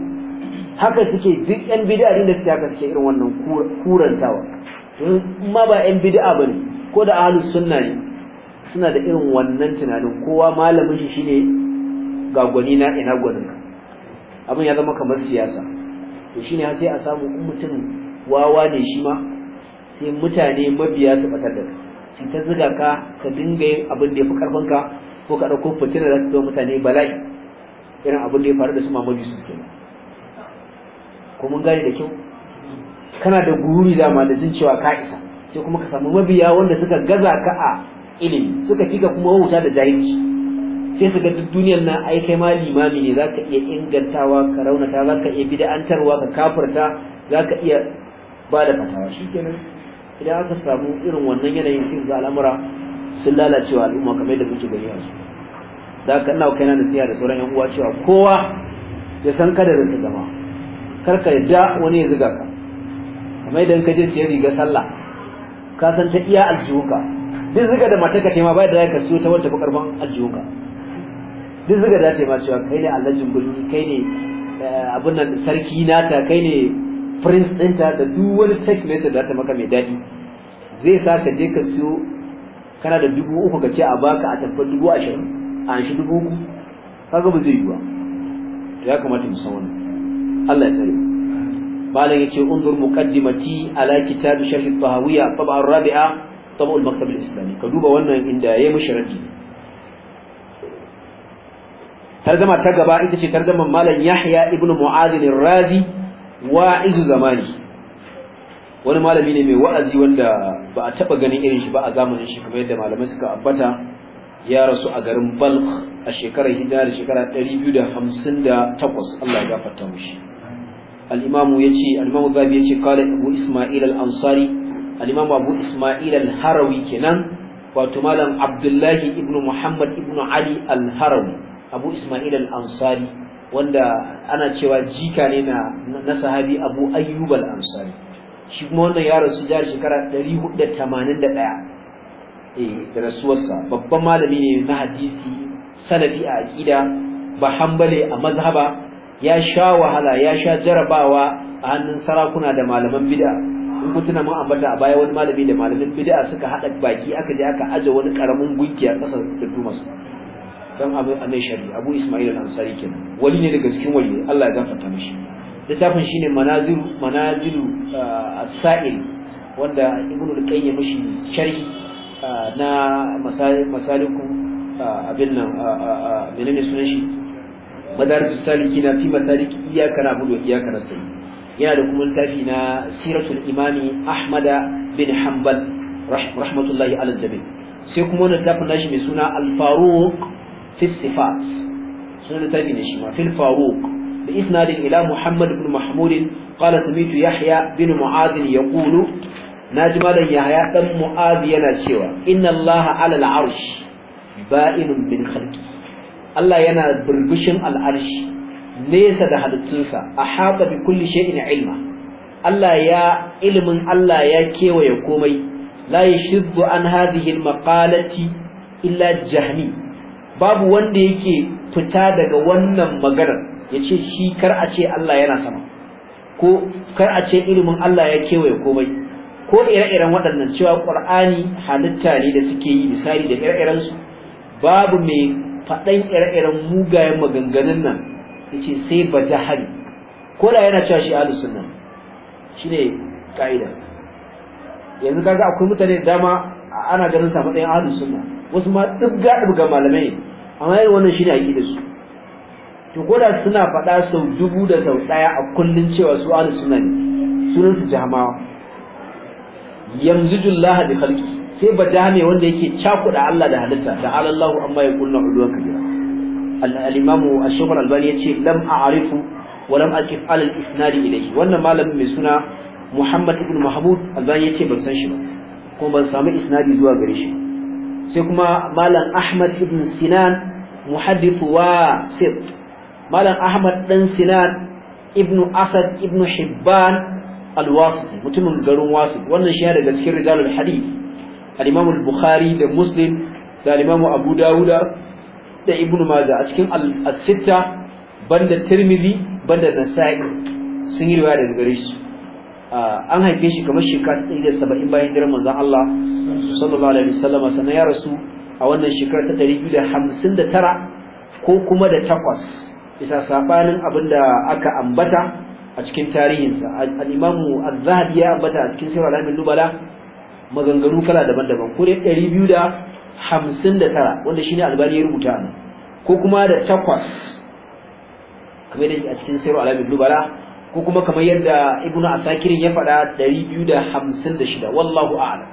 haka suke duk yan bid'a da suke haka suke irin wannan kurantawa ma ba yan bid'a bane ko da ahlus sunna ne suna da irin wannan tunanin kowa malamin shi shine ga na ina gwanin abin ya zama kamar siyasa to shine sai a samu in mutum wawa ne shi ma sai mutane mabiya su batar da sai ta zuga ka ka dinga yin abin da ya fi karfin ka ko ka ɗauko fitina za ta zo mutane bala'i irin abin da ya faru da su mamaji su ke ko mun gane da kyau kana da guri dama da jin cewa ka isa sai kuma ka samu mabiya wanda suka gaza ka a ilimi suka fika kuma wuta da jahilci sai su ga duk duniyar nan ai kai ma limami ne zaka iya ingantawa ka raunata zaka iya bid'antarwa ka kafirta zaka iya ba da fatawa shikenan idan aka samu irin wannan yanayin cikin al'amura sun lalacewa al'umma kamar da muke gani yanzu da ka ina kaina nasiha da sauran yan uwa cewa kowa ya san kada da zama kar ka yadda wani ya zuga ka kamar idan ka je ya riga sallah ka san ta iya aljihunka duk zuga da mata ka tema bayan da ka so ta wata bakarban aljihunka duk zuga da tema cewa kai ne Allah gulmi kai ne eh, abin nan sarki nata kai ne prince ɗinta da duk wani text message da ta maka mai daɗi zai sa ka je ka siyo kana da dubu uku ka ce a baka a tabbar dubu ashirin a shi dubu uku kaga ba zai yi ba to ya kamata mu san wannan Allah ya tsare malam yace unzur muqaddimati ala kitab sharh tahawiyya tab'a rabi'a tab'a al-maktab al-islami ka duba wannan inda yayi musharati tarjama ta gaba ita ce tarjaman malam Yahya ibnu Mu'adh al-Razi wa'iz zamani wani malami ne mai wa'azi wanda ba a taba ganin irin shi ba a zamanin shi kamar yadda malamai suka abbata, ya rasu a garin Balkh a shekarar hijira da shekara 258 Allah ya gafarta mishi al-imamu yace al zabi yace kala abu isma'il al-ansari al-imamu abu isma'il al-harawi kenan wato malam abdullahi ibn muhammad ibn ali al-harawi abu isma'il al-ansari wanda ana cewa jika ne na na sahabi abu ayyub al-ansari shi kuma wannan ya rasu jihar shekara 481 eh da rasuwarsa babban malami ne na hadisi sanadi a aqida ba hanbale a mazhaba ya sha wahala ya sha jarabawa a hannun sarakuna da malaman bid'a in ku tuna mun ambata a baya wani malami da malamin bid'a suka hada baki aka je aka aje wani karamin gunkiya kasar da dumas dan abu amai shari abu ismail al-ansari kenan wali ne daga cikin wali Allah ya gafarta mishi littafin shine manaziru manaziru uh, as-sa'il wanda ibnu al-qayyim mishi sharhi uh, na masaliku uh, abin nan menene sunan shi madarij saliki na fi masaliki iyyaka na'budu wa iyyaka nasta'in yana da kuma littafi na siratul imami ahmada bin hanbal rahmatullahi ala jami sai kuma wani littafin nashi mai suna al-faruq fi sifat sunan littafi ne shi ma fil faruq بإسناد إلى محمد بن محمود قال سميت يحيى بن معاذ يقول ناجمالا يحيى بن معاذ ينشوى إن الله على العرش بائن من خلقه الله ينا بربشن العرش ليس ده حدثنسا أحاط بكل شيء علما الله يا علم الله يا كيو يقومي لا يشذ عن هذه المقالة إلا جهمي babu wanda yake fita daga wannan maganar ya ce shi kar a ce Allah yana sama ko kar a ce ilimin Allah ya kewaye komai ko ire-iren waɗannan cewa ƙur'ani halitta ne da suke yi misali da ire-irensu babu mai faɗan ire-iren mugayen maganganun nan ya ce sai ba jahari ko da yana cewa shi ahlus sunna ne ƙa'ida yanzu kaga akwai mutane da dama ana ganin sa matsayin alu sunna wasu ma dubga dubga malamai ne amma irin wannan shi shine da su to ko suna faɗa sau dubu da sau ɗaya a kullum cewa su ahli sunna ne sunan su jamawa yamzijullaha bi khalqi sai ba jami wanda yake cakuda Allah da halitta da alallahu amma ya yaqulna uluwan kabira al imam ash-shaykh al-albani yace lam a'rifu wa lam aqif ala al-isnad ilayhi wannan malamin mai suna Muhammad ibn Mahmud albani yace ban san shi ba kuma ban samu isnadi zuwa gare shi sai kuma malam Ahmad ibn Sinan muhaddith wa sit malam ahmad dan sinan ibnu asad ibnu hibban al-wasiti mutumin garin wasit wannan shi daga cikin rijalul hadith al-imam al-bukhari da muslim da al-imam abu dawuda da ibnu majah a cikin al-sitta banda tirmidhi banda nasa'i sun yi riwaya daga gare shi an haife shi kamar shekara 170 bayan hijirar manzon Allah sallallahu alaihi wasallam sanan ya rasu a wannan shekara ta 259 ko kuma da takwas bisa sabanin abin da aka ambata a cikin tarihinsa al-imamu az-zahabi ya ambata a cikin sirr al nubala maganganu kala daban-daban ko 259 wanda shine albani ya rubuta ne ko kuma da takwas kamar da a cikin sirr al nubala ko kuma kamar yadda ibnu Asakirin ya faɗa 256 wallahu a'lam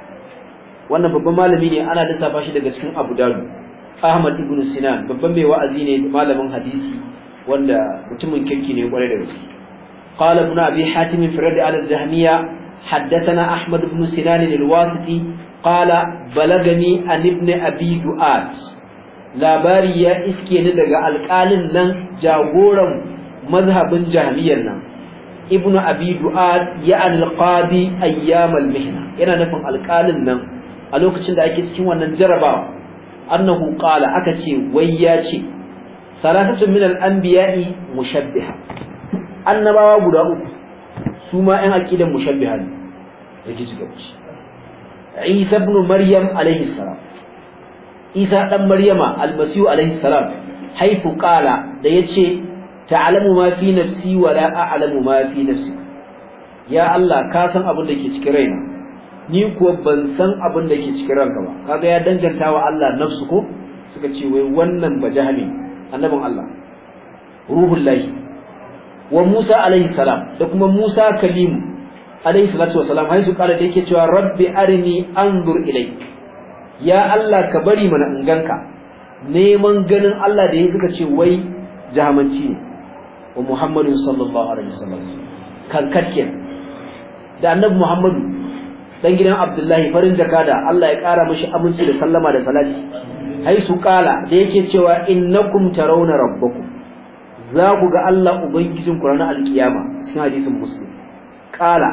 wannan babban malami ne ana lissafa shi daga cikin abu dalu ahmad ibnu sinan babban mai wa'azi ne malamin hadisi wanda mutumin kirki ne kwarai da gaske qala ibn abi hatim Ahmad al-zahmiya حدثنا أحمد بن سنان الواسطي قال بلغني عن ابن labari ya iske ni daga alƙalin nan jagoran mazhabin jahiliyar nan ibnu abi du'ad ya alqadi ayyam almihna yana nufin alƙalin nan a lokacin da ake cikin wannan jarabawa annahu qala aka ce wai ya ce salasatun min al-anbiya'i mushabbiha annabawa guda uku su ma ɗan aqidan mushabbiha ne yake suka wuce Isa ibn Maryam alayhi salam Isa dan Maryama almasihu alayhi salam haifu qala da yace ta'lamu ma fi nafsi wa la a'lamu ma fi nafsi ya Allah ka san abin da ke cikin raina ni kuwa ban san abin da ke cikin ranka ba kaga ya danganta wa Allah nafsu ko suka ce wai wannan bajahami annabin Allah ruhul lahi wa Musa alaihi salam da kuma Musa kalim alaihi salatu wasalam su kare da yake cewa rabbi arini anzur ilayk ya Allah ka bari mana in ganka neman ganin Allah da ya suka ce wai jahamanci ne wa Muhammadu sallallahu alaihi wasallam karkatken da annabi Muhammadu dan gidan Abdullahi farin jakada Allah ya kara mishi aminci da sallama da salati haisu kala da yake cewa innakum tarawna rabbakum za ku ga Allah ubangijin ku ranar alkiyama cikin hadisin muslim qala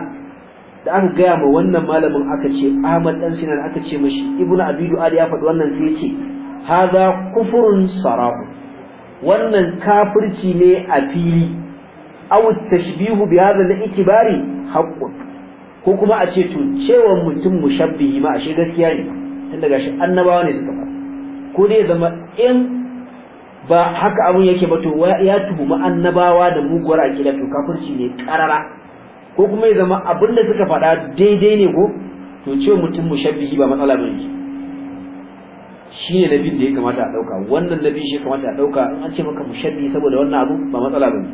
da aka gaya ma wannan malamin aka ce Ahmad dan Sinan aka ce mashi Ibnu Abi Du'ad ya faɗi wannan sai yace hadha kufrun sarahu wannan kafirci ne a fili aw tashbihu bi hadha al-ikbari haqqun ko kuma a ce to cewa mutum mushabbihi ma ashe gaskiya ne tunda gashi annabawa ne suka faɗa ko dai zama in ba haka abun yake ba to ya tuhumi annabawa da muguwar akida to kafirci ne karara ko kuma ya zama abin da suka faɗa daidai ne ko to ce mutum mushabbihi ba matsala shi ne nabin da ya kamata a dauka wannan nabi shi kamata a dauka an ce maka mushabbihi saboda wannan abu ba matsala ne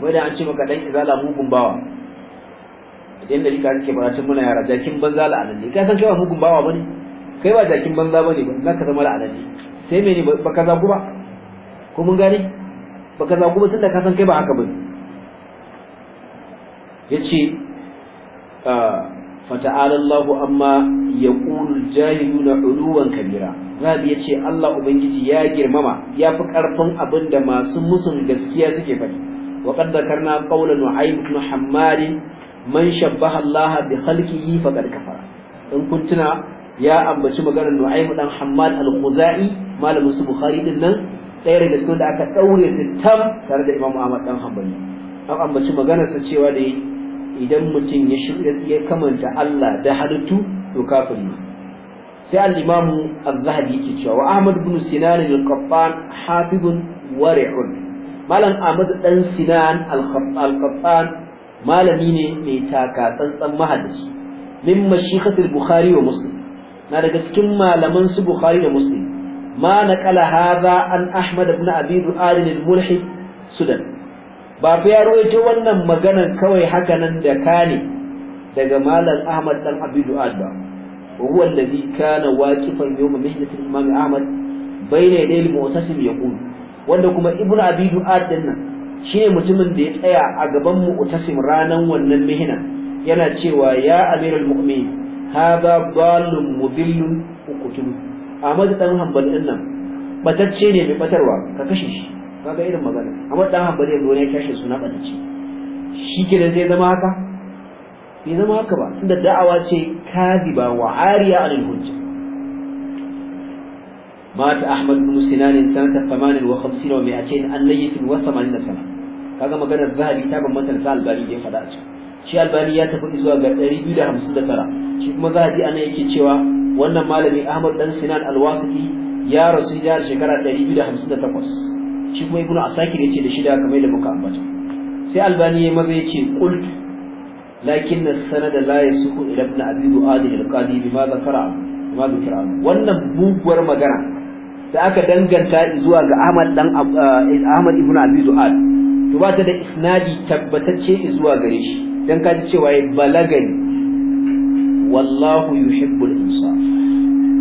kuma da an ce maka dan izala mugun bawa idan da rika kake ba tun muna yara jakin banzala a nan ne ka san kai ba mugun bawa bane kai ba jakin banza bane ba za ka zama la'anani sai mene ba ka zagu ba ko mun gane ba ka zagu ba tunda ka san kai ba haka ba yace ah, ta'ala Allahu amma yaqulul jahiluna uluwan kabira zabi yace Allah ubangiji ya girmama ya fi karfin abinda masu musun gaskiya suke faɗi wa qad zakarna qawlan nu'aym ibn hammad man shabbaha Allah bi khalqihi faqad kafara in kun tuna ya ambaci maganar Nu'aym dan Hammad al-Khuzai malamin su Bukhari din nan ɗaya daga cikin da aka ɗaure su tare da Imam Ahmad dan Hanbali an ambaci maganar sa cewa da idan mutum ya ya kamanta Allah da halittu to kafir ne sai al-Imam az-Zahabi yake cewa wa Ahmad ibn Sinan al-Qattan hafizun wari'un malam Ahmad dan Sinan al-Qattan malami ne mai taka tsantsan mahadisi min mashikatul bukhari wa muslim na daga cikin malaman su bukhari da muslim ma naqala hadha an ahmad ibn abi du'ad al-mulhi sudan ba fa ya rawaito wannan maganar kawai haka nan da kane daga malam ahmad dan abi du'ad ba kana waqifan yawm واقفا al-Imam Ahmad bayna yaday al-Mu'tasim yaqul wanda kuma ibn abi du'ad din nan shine mutumin da ya tsaya a gaban mu'tasim ranan wannan mihna. yana cewa ya al mu'minin hadha dallun mudillun uqtul Ahmad dan hambali din nan batacce ne mai batarwa ka kashe shi kaga irin magana Ahmad dan Hanbal yanzu ne kashe suna batacce shi ke da zai zama haka bai zama haka ba tunda da'awa ce kadiba wa ariya alil hujja مات أحمد بن سنان سنة 58 و200 عن ليث و80 سنة kaga maganar zahabi ta bambanta da albani da ya faɗa a cikin shi albani ya tafi zuwa ga 259 shi kuma zahabi ana yake cewa wannan malami ahmad dan sinan alwasiki ya rasu da shekara 258 shi kuma ibnu asakir ce da shida kamar da muka ambata sai albani ya maza ce kult lakin na sanad la yasuhu ila ibn abi du'ad al-qadi bima zakara bima zakara wannan buguwar magana da aka danganta zuwa ga ahmad dan eh, ahmad ibnu abi du'ad to ba ta da isnadi tabbatacce zuwa gare shi dan ka ji cewa ya balagani wallahu yuhibbul insaf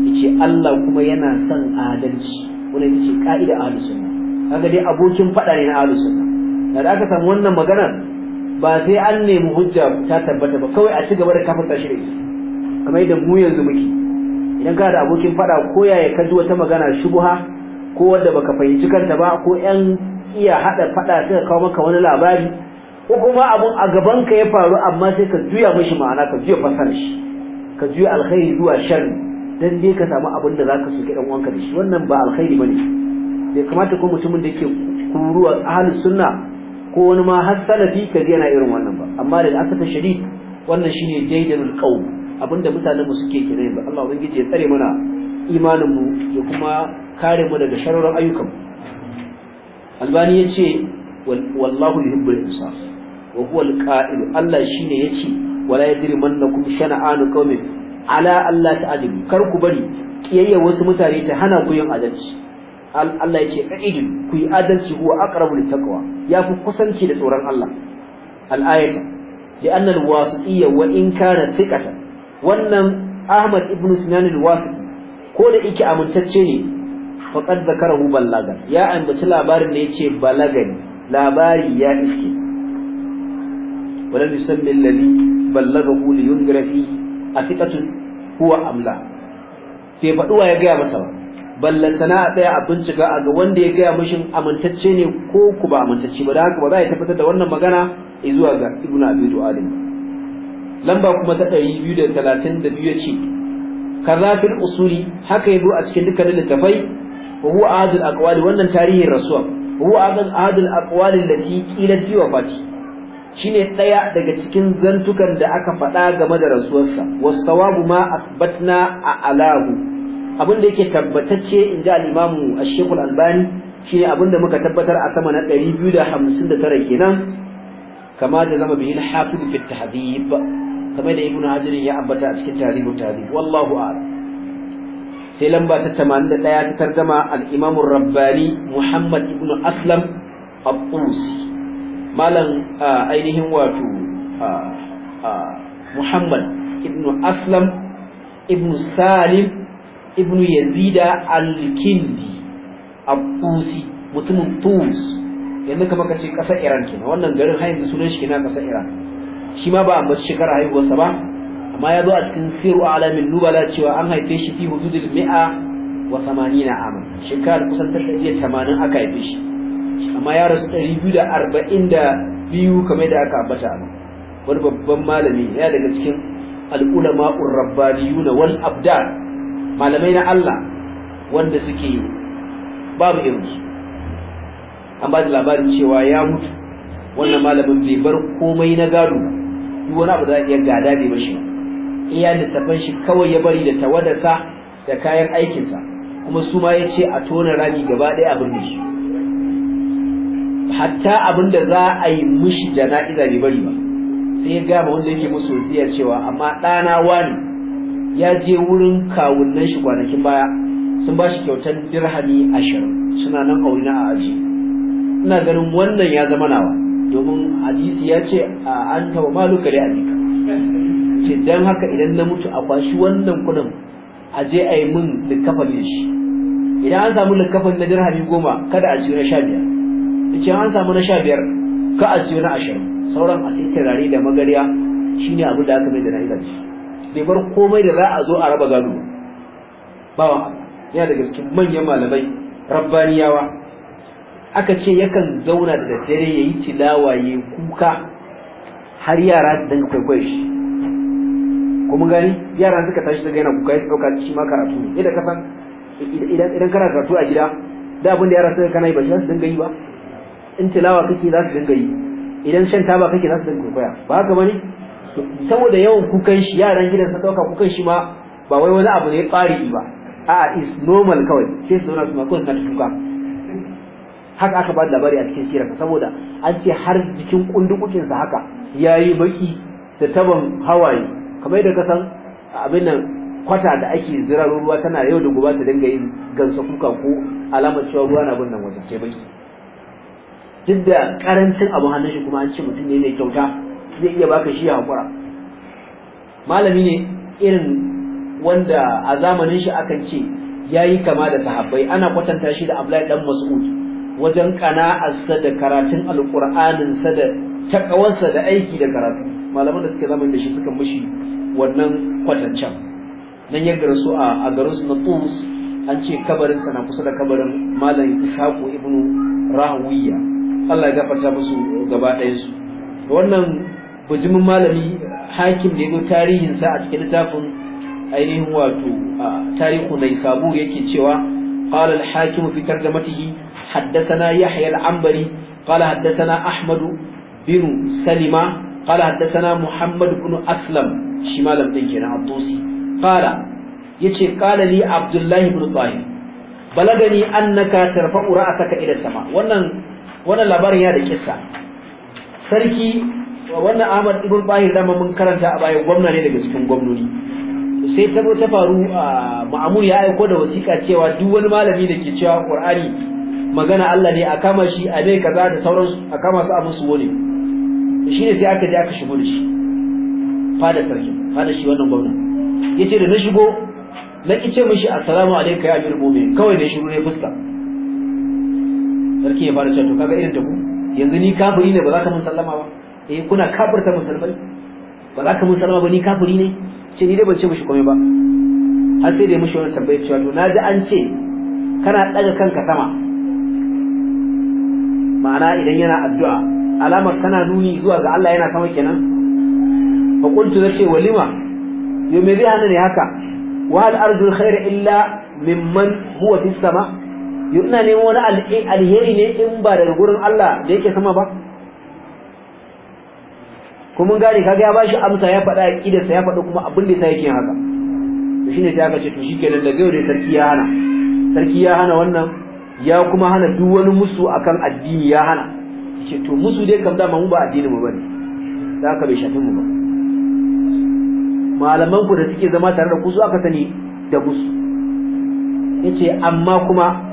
yace Allah kuma yana son adalci wannan yace ka'ida ahli sunna kaga dai abokin fada ne na ahli sunna da aka samu wannan maganar ba sai an nemi hujja ta tabbata ba kawai a ci gaba da kafirta shi kamar yadda mu yanzu muke idan kana da abokin fada ko yaya ka ji wata magana shubuha ko wanda baka fahimci kanta ba ko yan iya hada fada suka kawo maka wani labari ko kuma abun a gaban ka ya faru amma sai ka juya mishi ma'ana ka juya fasar shi ka juya alkhairi zuwa shari dan dai ka samu abin da zaka soke dan uwanka da shi wannan ba alkhairi bane bai kamata ko mutumin da yake kuruwa ahlus sunna ko wani ma har salafi ka yana irin wannan ba amma da aka ta shari wannan shine daidalul qaum abinda mutanen mu suke kire ba Allah ubangiji ya tsare mana imanin mu ya kuma kare mu daga shararran ayyukan albani yace wallahu yuhibbul insaf wa huwal qail Allah shine yace wala man lakum shana'an qaumin ala Allah ta'adilu kar ku bari kiyayya wasu mutane ta hana ku yin adalci Allah yace qa'idin ku yi adalci huwa aqrabu lit-taqwa yafi kusanci da tsoron Allah al-ayata li'anna al wasiyya wa in kana thiqata wannan Ahmad ibn Sinan al-Wasiti ko da yake amintacce ne faqad zakarahu ballagan ya ambaci labarin da yace balagani labari ya iske ولم يسمي الذي بلغه لينذر فيه أثقة هو أم لا sai faɗuwa ya gaya masa ba ballantana a tsaya a bincika a ga wanda ya gaya mashin amintacce ne ko ku ba amintacce ba da haka ba za a tabbatar da wannan magana zuwa ga ibnu abi lamba kuma ta 232 yace kaza fil usuli haka zo a cikin dukkanin littafai huwa adul aqwali wannan tarihin rasuwa huwa adul wali allati qila fi wafati shine ɗaya daga cikin zantukan da aka faɗa game da rasuwarsa wasu ma asbatna a alahu abin da yake tabbatacce in ji al-imamu ash-shaykhul albani ne abin da muka tabbatar a sama na ɗari biyu da da hamsin tara kenan kama da zama bihi al-hafiz fi tahdhib kama da ibnu hajar ya ambata a cikin tarihu tarihi. wallahu a'lam sai lamba ta ɗaya ta tarjama al-imamu rabbani muhammad ibnu aslam at malam ainihin wato muhammad ibn aslam ibn salim ibn yazida al-kindi abusi mutumin tus yanzu kamar kace kasar iran kenan wannan garin hayan da sunan shi kenan kasar iran shi ma ba a mace shekara haihuwarsa ba amma ya zo a cikin siru alamin nubala cewa an haife shi fi hududul mi'a wa samanina amin shekara kusan ta iya tamanin aka haife shi amma ya rasu ɗari biyu da arba'in da biyu kamar da aka ambata a wani babban malami ya daga cikin al'ulama na wal abda malamai na Allah wanda suke babu su an ba da labarin cewa ya mutu wannan malamin bai bar komai na gado duk wani abu za a iya gada bai bashi iya littafan shi kawai ya bari da tawadarsa da kayan aikinsa kuma su ma ya ce a tona rami gaba ɗaya a birnin shi hatta abin da za a yi mushi jana'iza bai bari ba sai ya gama wanda yake musu ziyar cewa amma ɗana wani ya je wurin kawunan shi kwanakin baya sun ba shi kyautar dirhami ashirin suna nan aure na a aji ina ganin wannan ya zama nawa domin hadisi ya ce a an taɓa malu Gari a ce don haka idan na mutu a kwashi wannan kudin a je a yi min likafan shi idan an samu likafan na dirhami goma kada a shi na sha yace an samu na sha biyar ka a na ashirin sauran a sai turare da magariya shine abin da aka mai da na ilaci bai bar komai da za a zo a raba gado bawa yana daga cikin manyan malamai rabbaniyawa aka ce yakan zauna da daddare yayi tilawa yayi kuka har yara dinga kwaikwai shi kuma gani yara suka tashi daga yana kuka su dauka shi ma karatu ne idan ka san idan kana karatu a gida da abin da yara suka kana yi ba shi su dinga yi ba in tilawa kake za su dinga yi idan shan taba kake za su dinga koya ba haka bane saboda yawan kukan shi yaran gidan sa dauka kukan shi ma ba wai wani abu ne ya fari ba a is normal kawai sai su zauna su ma kawai suna tuka haka aka ba labari a cikin sirar saboda an ce har jikin kundukukin sa haka yayi baki da taban hawaye kamar yadda ka san abin nan kwata da ake zira ruwa tana yau da gobe ta dinga yin gansa kuka ko alamar cewa ruwa na bin nan wajen ce baki duk da karancin abu hannun shi kuma an ce mutum ne mai kyauta zai iya baka shi ya hakura malami ne irin wanda a zamanin shi akan ce ya yi kama da sahabbai ana kwatanta shi da Abdullahi dan Mas'ud wajen kana'arsa da karatun Alƙur'aninsa da takawarsa da aiki da karatu malaman da suke zamanin da shi suka mushi wannan kwatancan nan ya garasu a garin su na tuns an ce kabarinsa na kusa da kabarin malam ishaku ibnu rahawiyya Allah ya gafarta musu gaba ɗayan su wannan bujimin malami hakim da ya zo a cikin littafin ainihin wato tarihu nai sabu yake cewa قال الحاكم في ترجمته حدثنا يحيى العنبري قال حدثنا أحمد بن سلمة قال حدثنا محمد بن أسلم شمالا بن كنا الطوسي قال يتي قال لي عبد الله بن طاهر balagani annaka tarfa'u ra'saka ila sama wannan labarin ya da kissa sarki wannan Ahmad ibn Bahir da mun karanta a bayan gwamna ne daga cikin gwamnoni sai ta ta faru Ma'mun ya aiko da wasiƙa cewa duk wani malami da ke cewa Qur'ani magana Allah ne a kama shi a dai kaza da su a kama su a musu wani shine sai aka je aka shigo da shi fada sarki fada shi wannan gwamna yace da na shigo na ki ce mishi assalamu alaikum ya amirul mu'minin kawai da shiru ne fuska sarki ya fara cewa to kaga irin ta ku yanzu ni kafiri ne ba za ka mun sallama ba eh kuna kafirta musulmai ba za ka mun sallama ba ni kafiri ne ce ni dai ban ce mushi komai ba har sai da mushi wani tambayar cewa to na ji an ce kana daga kanka sama ma'ana idan yana addu'a alamar kana nuni zuwa ga Allah yana sama kenan fa qultu zace walima yo me zai hana ne haka wa al ardu khair illa mimman huwa fis sama ina ne wani alheri ne in ba daga gurin Allah da yake sama ba kuma gane kaga ya bashi amsa ya faɗa aqidarsa ya faɗa kuma abin da yake haka to shine sai aka ce to shikenan da gaure sarki ya hana sarki ya hana wannan ya kuma hana duk wani musu akan addini ya hana ce to musu dai kam da mu ba addini mu bane da ka bai shafi mu ba malaman ku da suke zama tare da ku su aka sani da musu yace amma kuma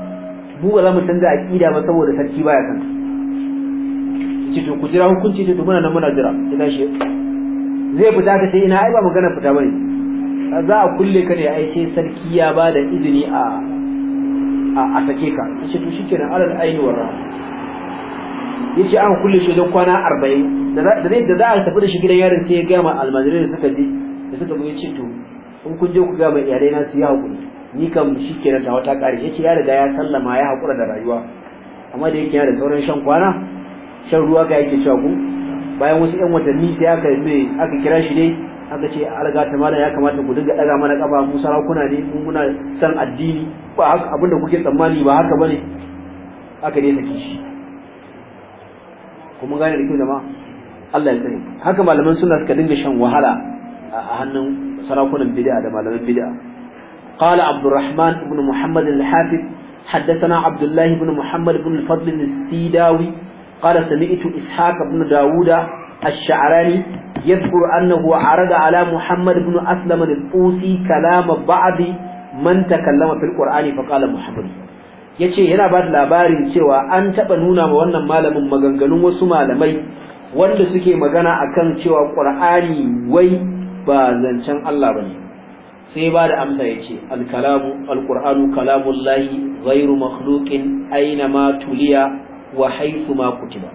mu ba za mu canza aqida ba saboda sarki baya san ce to ku jira hukunci ce to muna nan muna jira ya shi zai fita ka ce ina ai ba magana fita bane za a kulle ka ne ai sai sarki ya ba da izini a a sake ka ce to shikenan alal aini wa ya yace an kulle shi don kwana arba'in da zai da za a tafi da shi gidan yaron sai ya gama almajirai da suka ji da suka buye ce to in kun je ku gama iyalai na su yi haƙuri ni kam shi kenan ta wata ƙari yace ya riga ya sallama ya haƙura da rayuwa amma da yake yana da sauran shan kwana shan ruwa ga yake cewa ku bayan wasu ƴan watanni sai aka mai aka kira shi dai aka ce alga ta mala ya kamata ku dinga daga mana kafa mu sarakuna ne mu muna san addini ba haka abinda kuke tsammani ba haka bane aka ne saki shi kuma gane da kyau jama'a Allah ya sani. haka malaman sunna suka dinga shan wahala a hannun sarakunan bid'a da malaman bid'a قال عبد الرحمن بن محمد الحافظ حدثنا عبد الله بن محمد بن الفضل السيداوي قال سمعت إسحاق بن داود الشعراني يذكر أنه عرض على محمد بن أسلم الطوسي كلام بعض من تكلم في القرآن فقال محمد yace yana ba da labarin cewa an taba nuna ma wannan malamin maganganun wasu malamai wanda suke magana akan cewa Qur'ani wai ba zancen Allah bane sai ba da amsa ya ce alkalamu alkur'anu kalamun lahi zairu makhlukin aina ma tuliya wa haifu ma kutiba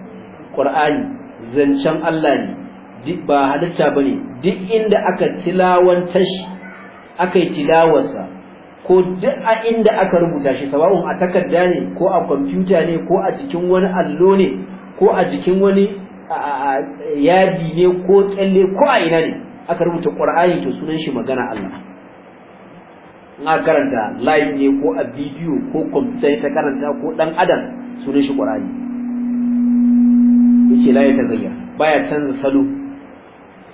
Kur'ani zancen Allah ne ba halitta ba ne duk inda aka tilawanta shi aka yi tilawarsa ko duk a inda aka rubuta shi sawa'un a takarda ne ko a kwamfuta ne ko a jikin wani allo ne ko a jikin wani yadi ne ko tsalle ko a ina ne aka rubuta ƙur'ani to sunan shi magana Allah na karanta live ne ko a bidiyo ko kwamfuta ta karanta ko dan adam sunan shi qur'ani yace la ya zayya baya canza salo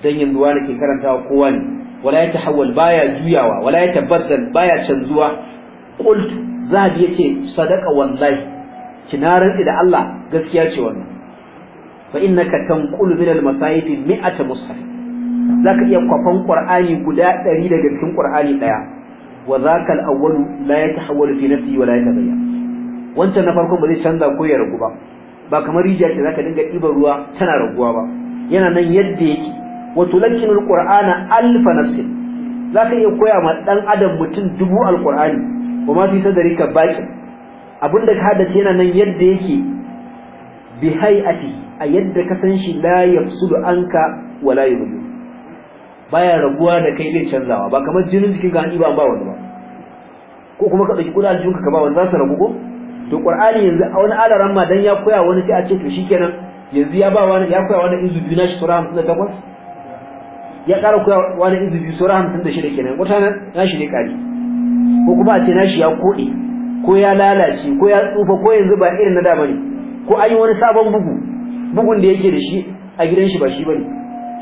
dan yanzu wani ke karantawa kowa ne wala ya tahawwal baya juyawa wala ya tabaddal baya canzuwa qult zabi yace sadaka wallahi kinaran ida Allah gaskiya ce wannan fa innaka tanqulu min al-masayib mi'ata mushaf zaka iya kwafan qur'ani guda 100 daga cikin qur'ani daya wa zakal awwalu la ya yatahawwalu fi nafsihi wa la yatabayyan wancan na farkon ba zai canza ko ya ragu ba ba kamar rijiya ce zaka dinga ɗiban ruwa tana raguwa ba yana nan yadda yake wa tulakkinul qur'ana alfa nafsin zaka iya koya ma dan adam mutum dubu alqur'ani wa ma fi sadrika baqi abinda ka hadace yana nan yadda yake bi hay'ati a yadda ka san shi la yafsulu anka wa la yubdi baya rabuwa da kai zai canzawa ba kamar jinin jikin ka ba ba wani ba ko kuma ka dauki kudin aljihunka ka ba wani za su rabu ko to qur'ani yanzu a wani alaran ma dan ya koya wani sai a ce to shikenan yanzu ya ba wani ya koya wani izu biyu na shi sura 58 ya ƙara koya wani izu biyu sura 56 kenan wata na nashi ne kari ko kuma a ce nashi ya koɗe? ko ya lalace ko ya tsufa ko yanzu ba irin na da bane ko an yi wani sabon bugu bugun da yake da shi a gidan shi ba shi bane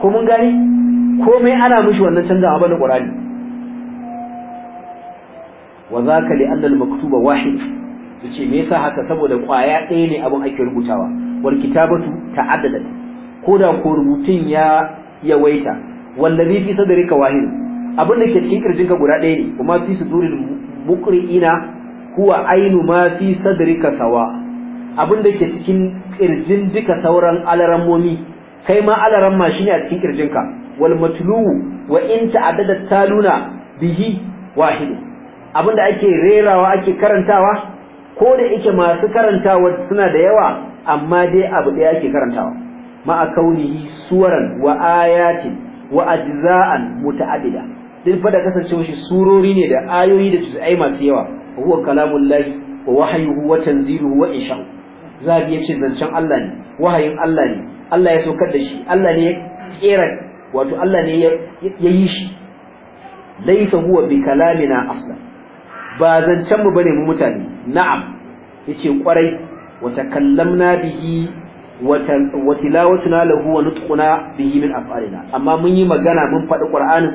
ko mun gane komai ana mishi wannan canza abin Qur'ani wa zaka li anna maktuba wahid yace me yasa haka saboda kwaya ɗaya ne abin ake rubutawa wal kitabatu ta'addadat koda ko rubutun ya yawaita zai fi sadrika wahid abin da ke cikin kirjinka guda ɗaya ne kuma fi suduril muqri'ina huwa ainu ma fi sadrika sawa abin da ke cikin kirjin duka sauran alarammomi kai ma alaramma shine a cikin kirjinka wal matlu wa in ta'addada taluna bihi wahidu da ake rerawa ake karantawa ko da yake masu karantawa suna da yawa amma dai abu da yake karantawa ma kaunihi suwaran wa ayatin wa ajza'an muta'addida duk fa da kasancewa shi surori ne da ayoyi da juz'ai masu yawa huwa kalamullahi wa wahyuhu wa tanziluhu wa isha'u zabi yace zancen Allah ne wahayin Allah ne Allah ya saukar da shi Allah ne ya kera wato Allah ne ya yi shi laisa huwa bi kalamina aslan ba zancen mu bane mu mutane na'am yace kwarai wa takallamna bihi wa tilawatuna lahu wa nutquna bihi min af'alina amma mun yi magana mun faɗi qur'anin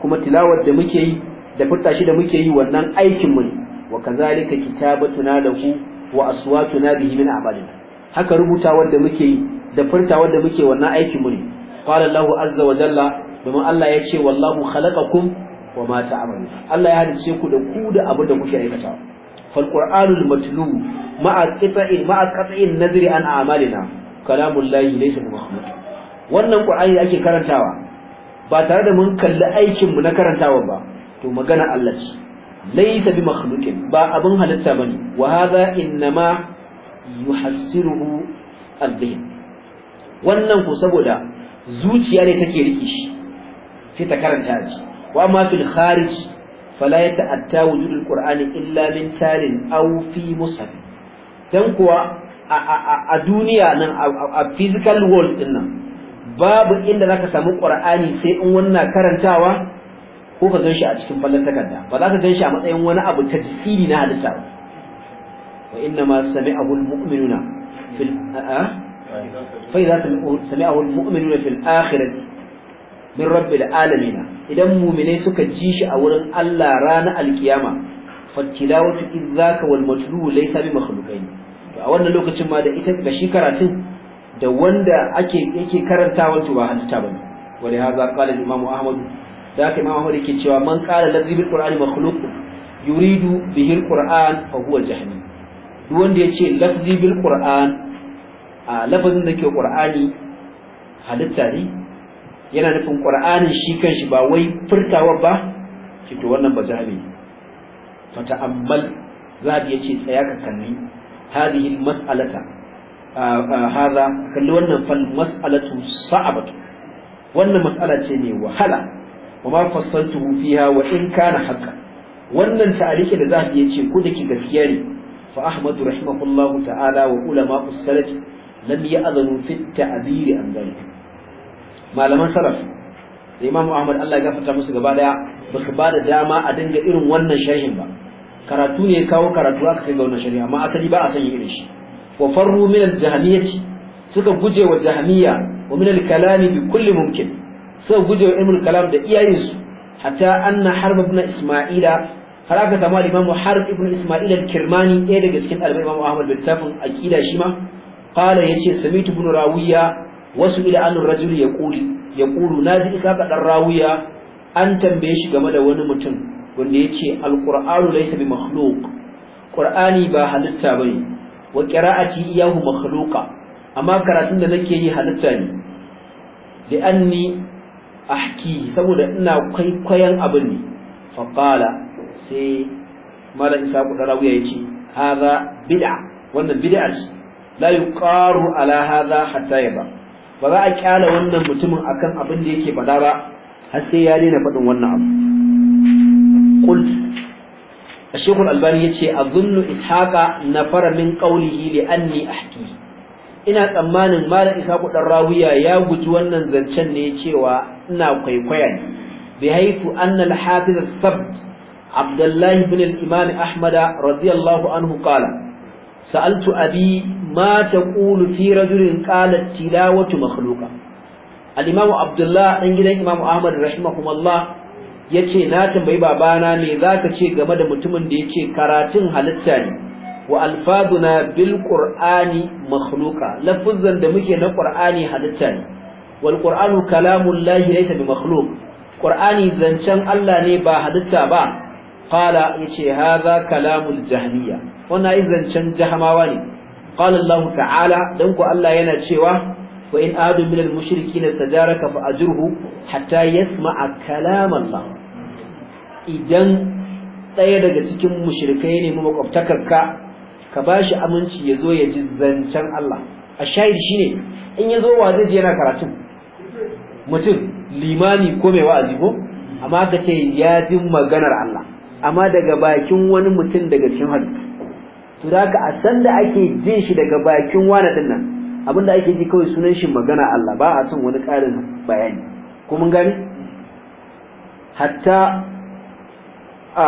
kuma tilawar da muke yi da furta shi da muke yi wannan aikin mu ne wa kazalika kitabatuna lahu wa aswatuna bihi min abadina haka rubuta wanda muke yi da furta wanda muke wannan aikin mu ne qala Allahu azza wa jalla domin Allah ya ce wallahu khalaqakum wa ma ta'malun Allah ya halice ku da ku da abin da kuke aikata fal qur'anul matlu ma'a qita'in ma'a qat'in an a'malina kalamullahi laysa wannan qur'ani da ake karantawa ba tare da mun kalli aikin mu na karantawa ba to magana Allah ce laysa bi makhluqin ba abun halitta bane wa hadha innama yuhassiruhu al-dhihn wannan ku saboda zuciya ne take rike shi sai ta karanta ji wa amma fil kharij fala yata'atta wujudul qur'ani illa min talin aw fi musaf dan kuwa a duniya nan a physical world din nan babu inda zaka samu qur'ani sai in wannan karantawa ko ka ganshi a cikin fallan takarda ba za ka ganshi a matsayin wani abu ta tasiri na halitta ba wa inna ma sami'ahu almu'minuna fil a'a فإذا سمعه المؤمنون في الآخرة من رب العالمين إذا مؤمنين سكا جيش أولا ألا رانا القيامة فالتلاوة إذ ذاك والمتلو ليس بمخلوقين أولا لوكا تما دا إتك بشي كراتين دا وندا أكي إكي كرنتا وانتوا هنتا بني ولهذا قال الإمام أحمد ذاك إمام أحمد كي تشوى من قال الذي بالقرآن مخلوق يريد به القرآن فهو جهنم دون دي لفظي بالقرآن a lafazin da ke ƙur'ani halitta ne yana nufin qur'anin shi kanshi ba wai furtawa ba ki wannan ba zabi fa ta'ammal zabi ce tsaya ka kalli hadhihi mas'alata hada kalli wannan fal mas'alatu sa'abatu wannan mas'ala ce ne wahala wa ma fassaltuhu fiha wa in kana haqqan wannan ta'aliki da za zabi ce ku da ki gaskiya ne fa ahmadu rahimahullahu ta'ala wa ulama salafi lam ya'zanu fi ta'biri an gari malaman salaf da Imam Ahmad Allah ya gafarta musu gaba daya ba su bada dama a dinga irin wannan sharhin ba karatu ne kawo karatu aka kai ga wannan shari'a. amma asali ba a san irin shi wa farru min al-jahmiyyah suka guje wa jahmiyya wa min al-kalam bi kulli mumkin suka guje wa ilmul kalam da iyayensu hatta anna harb ibn isma'ila har aka samu al-imam harb ibn isma'ila al-kirmani ɗaya daga cikin al-imam Ahmad bin Tafin aqida shi ma qala yace samitu ibn rawiya wasu ila an rajul yaquli yaqulu naji isa ka dan rawiya an tambaye shi game da wani mutum wanda yace alqur'anu laysa bi makhluq qur'ani ba halitta bane wa qira'ati iyahu makhluqa amma karatun da nake yi halitta ne li'anni ahki saboda ina kwaikwayon abin ne faqala sai malam isa ku darawiya yace hadha bid'a wannan bid'a ce la yuqaru ala hadha hatta yaba ba za a kyala wannan mutumin akan abin da yake fada ba har sai ya daina faɗin wannan abu qul Shekul Albani ya ce, A zunnu ishaƙa na fara min ƙaunihi da anni a ina tsammanin Malam Ishaku ɗan rawiya ya guji wannan zancen ne cewa ina kwaikwaya ne, bi haifu anna al Abdullahi bin al-Imam Ahmada radiyallahu anhu kala, sa'altu abi Mata taqulu fi rajulin qala tilawatu makhluqa al-imamu abdullah dan gidan imamu ahmad ya yace na tambayi babana me zaka ce game da mutumin da yace karatun halitta ne wa alfaduna bil qur'ani makhluqa lafuzan da muke na qur'ani halitta ne wal qur'anu kalamullahi laysa bi makhluq Qur'ani zancen Allah ne ba halitta ba qala yace hadha kalamul jahmiya wannan zancen jahmawa ne qala Allah ta'ala dan ku Allah yana cewa wa in adu min al mushrikin tajaraka fa ajruhu hatta yasma'a kalam Allah idan ɗaya daga cikin mushrikai ne mu makwabtakarka ka bashi aminci ya zo ya ji zancen Allah a shahid shine in ya zo wa zai yana karatun mutum limani ko mai wa'azi ko amma ka ce ya ji maganar Allah amma daga bakin wani mutum daga cikin hadisi to zaka a san da ake jin shi daga bakin wani din nan abinda ake ji kawai sunan shi magana Allah ba a son wani ƙarin bayani ko mun gani hatta a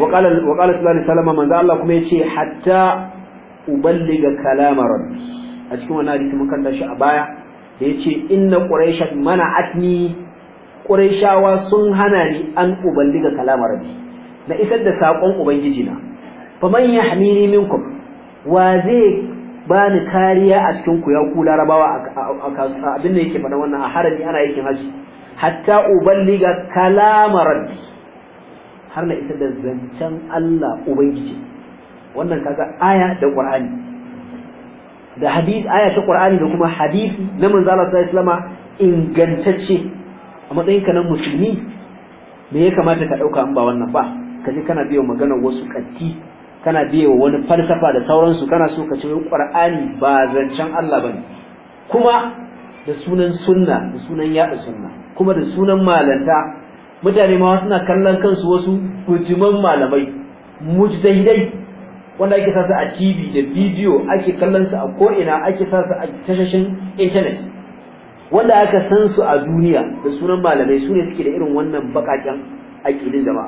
wa qala wa qala sallallahu alaihi Allah kuma yace hatta uballiga kalama rabbi a cikin wannan hadisi mun kalla shi a baya da yace inna quraysh mana'atni quraishawa sun hana ni an uballiga kalama rabbi na isar da saƙon ubangiji na faman yahmini minkum wa zai bani kariya a cikin ku ya ku larabawa a abin da yake faɗa wannan a harami ana yakin haji hatta uballiga kalama rabbi har na isa da zancen Allah ubangiji wannan kaga aya da qur'ani da hadith aya ta qur'ani da kuma hadith na manzo Allah sallallahu alaihi ingantacce a matsayin ka na musulmi me ya kamata ka dauka an ba wannan ba kaje kana biyo maganar wasu katti kana biye wani falsafa da sauransu kana so ka ce qur'ani ba zancen Allah bane kuma da sunan sunna da sunan yaɗa sunna kuma da sunan malanta mutane ma suna kallon kansu wasu gujiman malamai mujtahidai wanda ake sa su a TV da bidiyo ake kallon su a ko ina ake sa su a tashoshin internet wanda aka san su a duniya da sunan malamai su ne suke da irin wannan bakaken aƙidin jama'a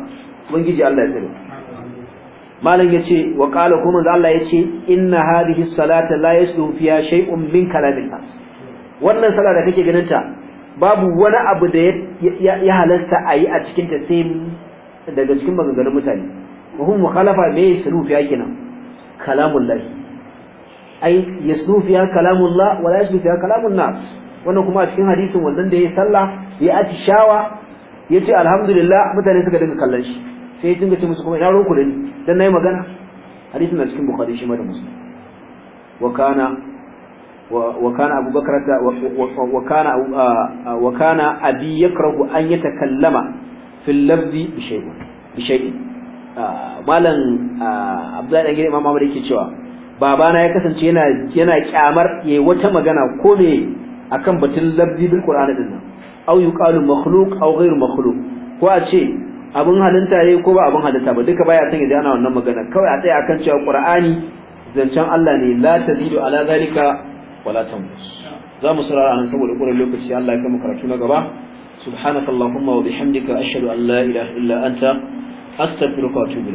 ubangiji Allah ya tsare malam yace wa qala kuma da Allah yace inna hadhihi salata la yasdu fiha shay'un min kalamin nas wannan sala da kake ganin ta babu wani abu da ya halasta ayi a cikin ta sai daga cikin maganganun mutane wa hum mukhalafa bi yasdu fiha kenan kalamullahi ai yasdu fiha kalamullah wa la yasdu fiha kalamun nas wannan kuma a cikin hadisin wannan da ya sallah ya atishawa yace alhamdulillah mutane suka dinga kallon shi sai ya dinga ce musu kuma ya roku da ni dan nayi magana hadisi na cikin bukhari shi ma da muslim wa kana wa kana abubakar ta wa kana wa kana abi yakrahu an yatakallama fil lafzi bi shay'in bi shay'in malam abdullahi dan gidan imamu yake cewa babana ya kasance yana yana kyamar ya wata magana ko me akan batun lafzi bil qur'ani din nan aw yuqalu makhluq aw ghayr makhluq ko a ce abin halitta yi ko ba abin halitta ba duka baya son ya ji ana wannan magana kawai a tsaya akan cewa qur'ani zancen Allah ne la tazidu ala zalika wala tanqus za mu saurara anan saboda kuren lokaci Allah ya kai mu karatu na gaba subhanakallahumma wa bihamdika ashhadu an la ilaha illa anta astaghfiruka wa atubu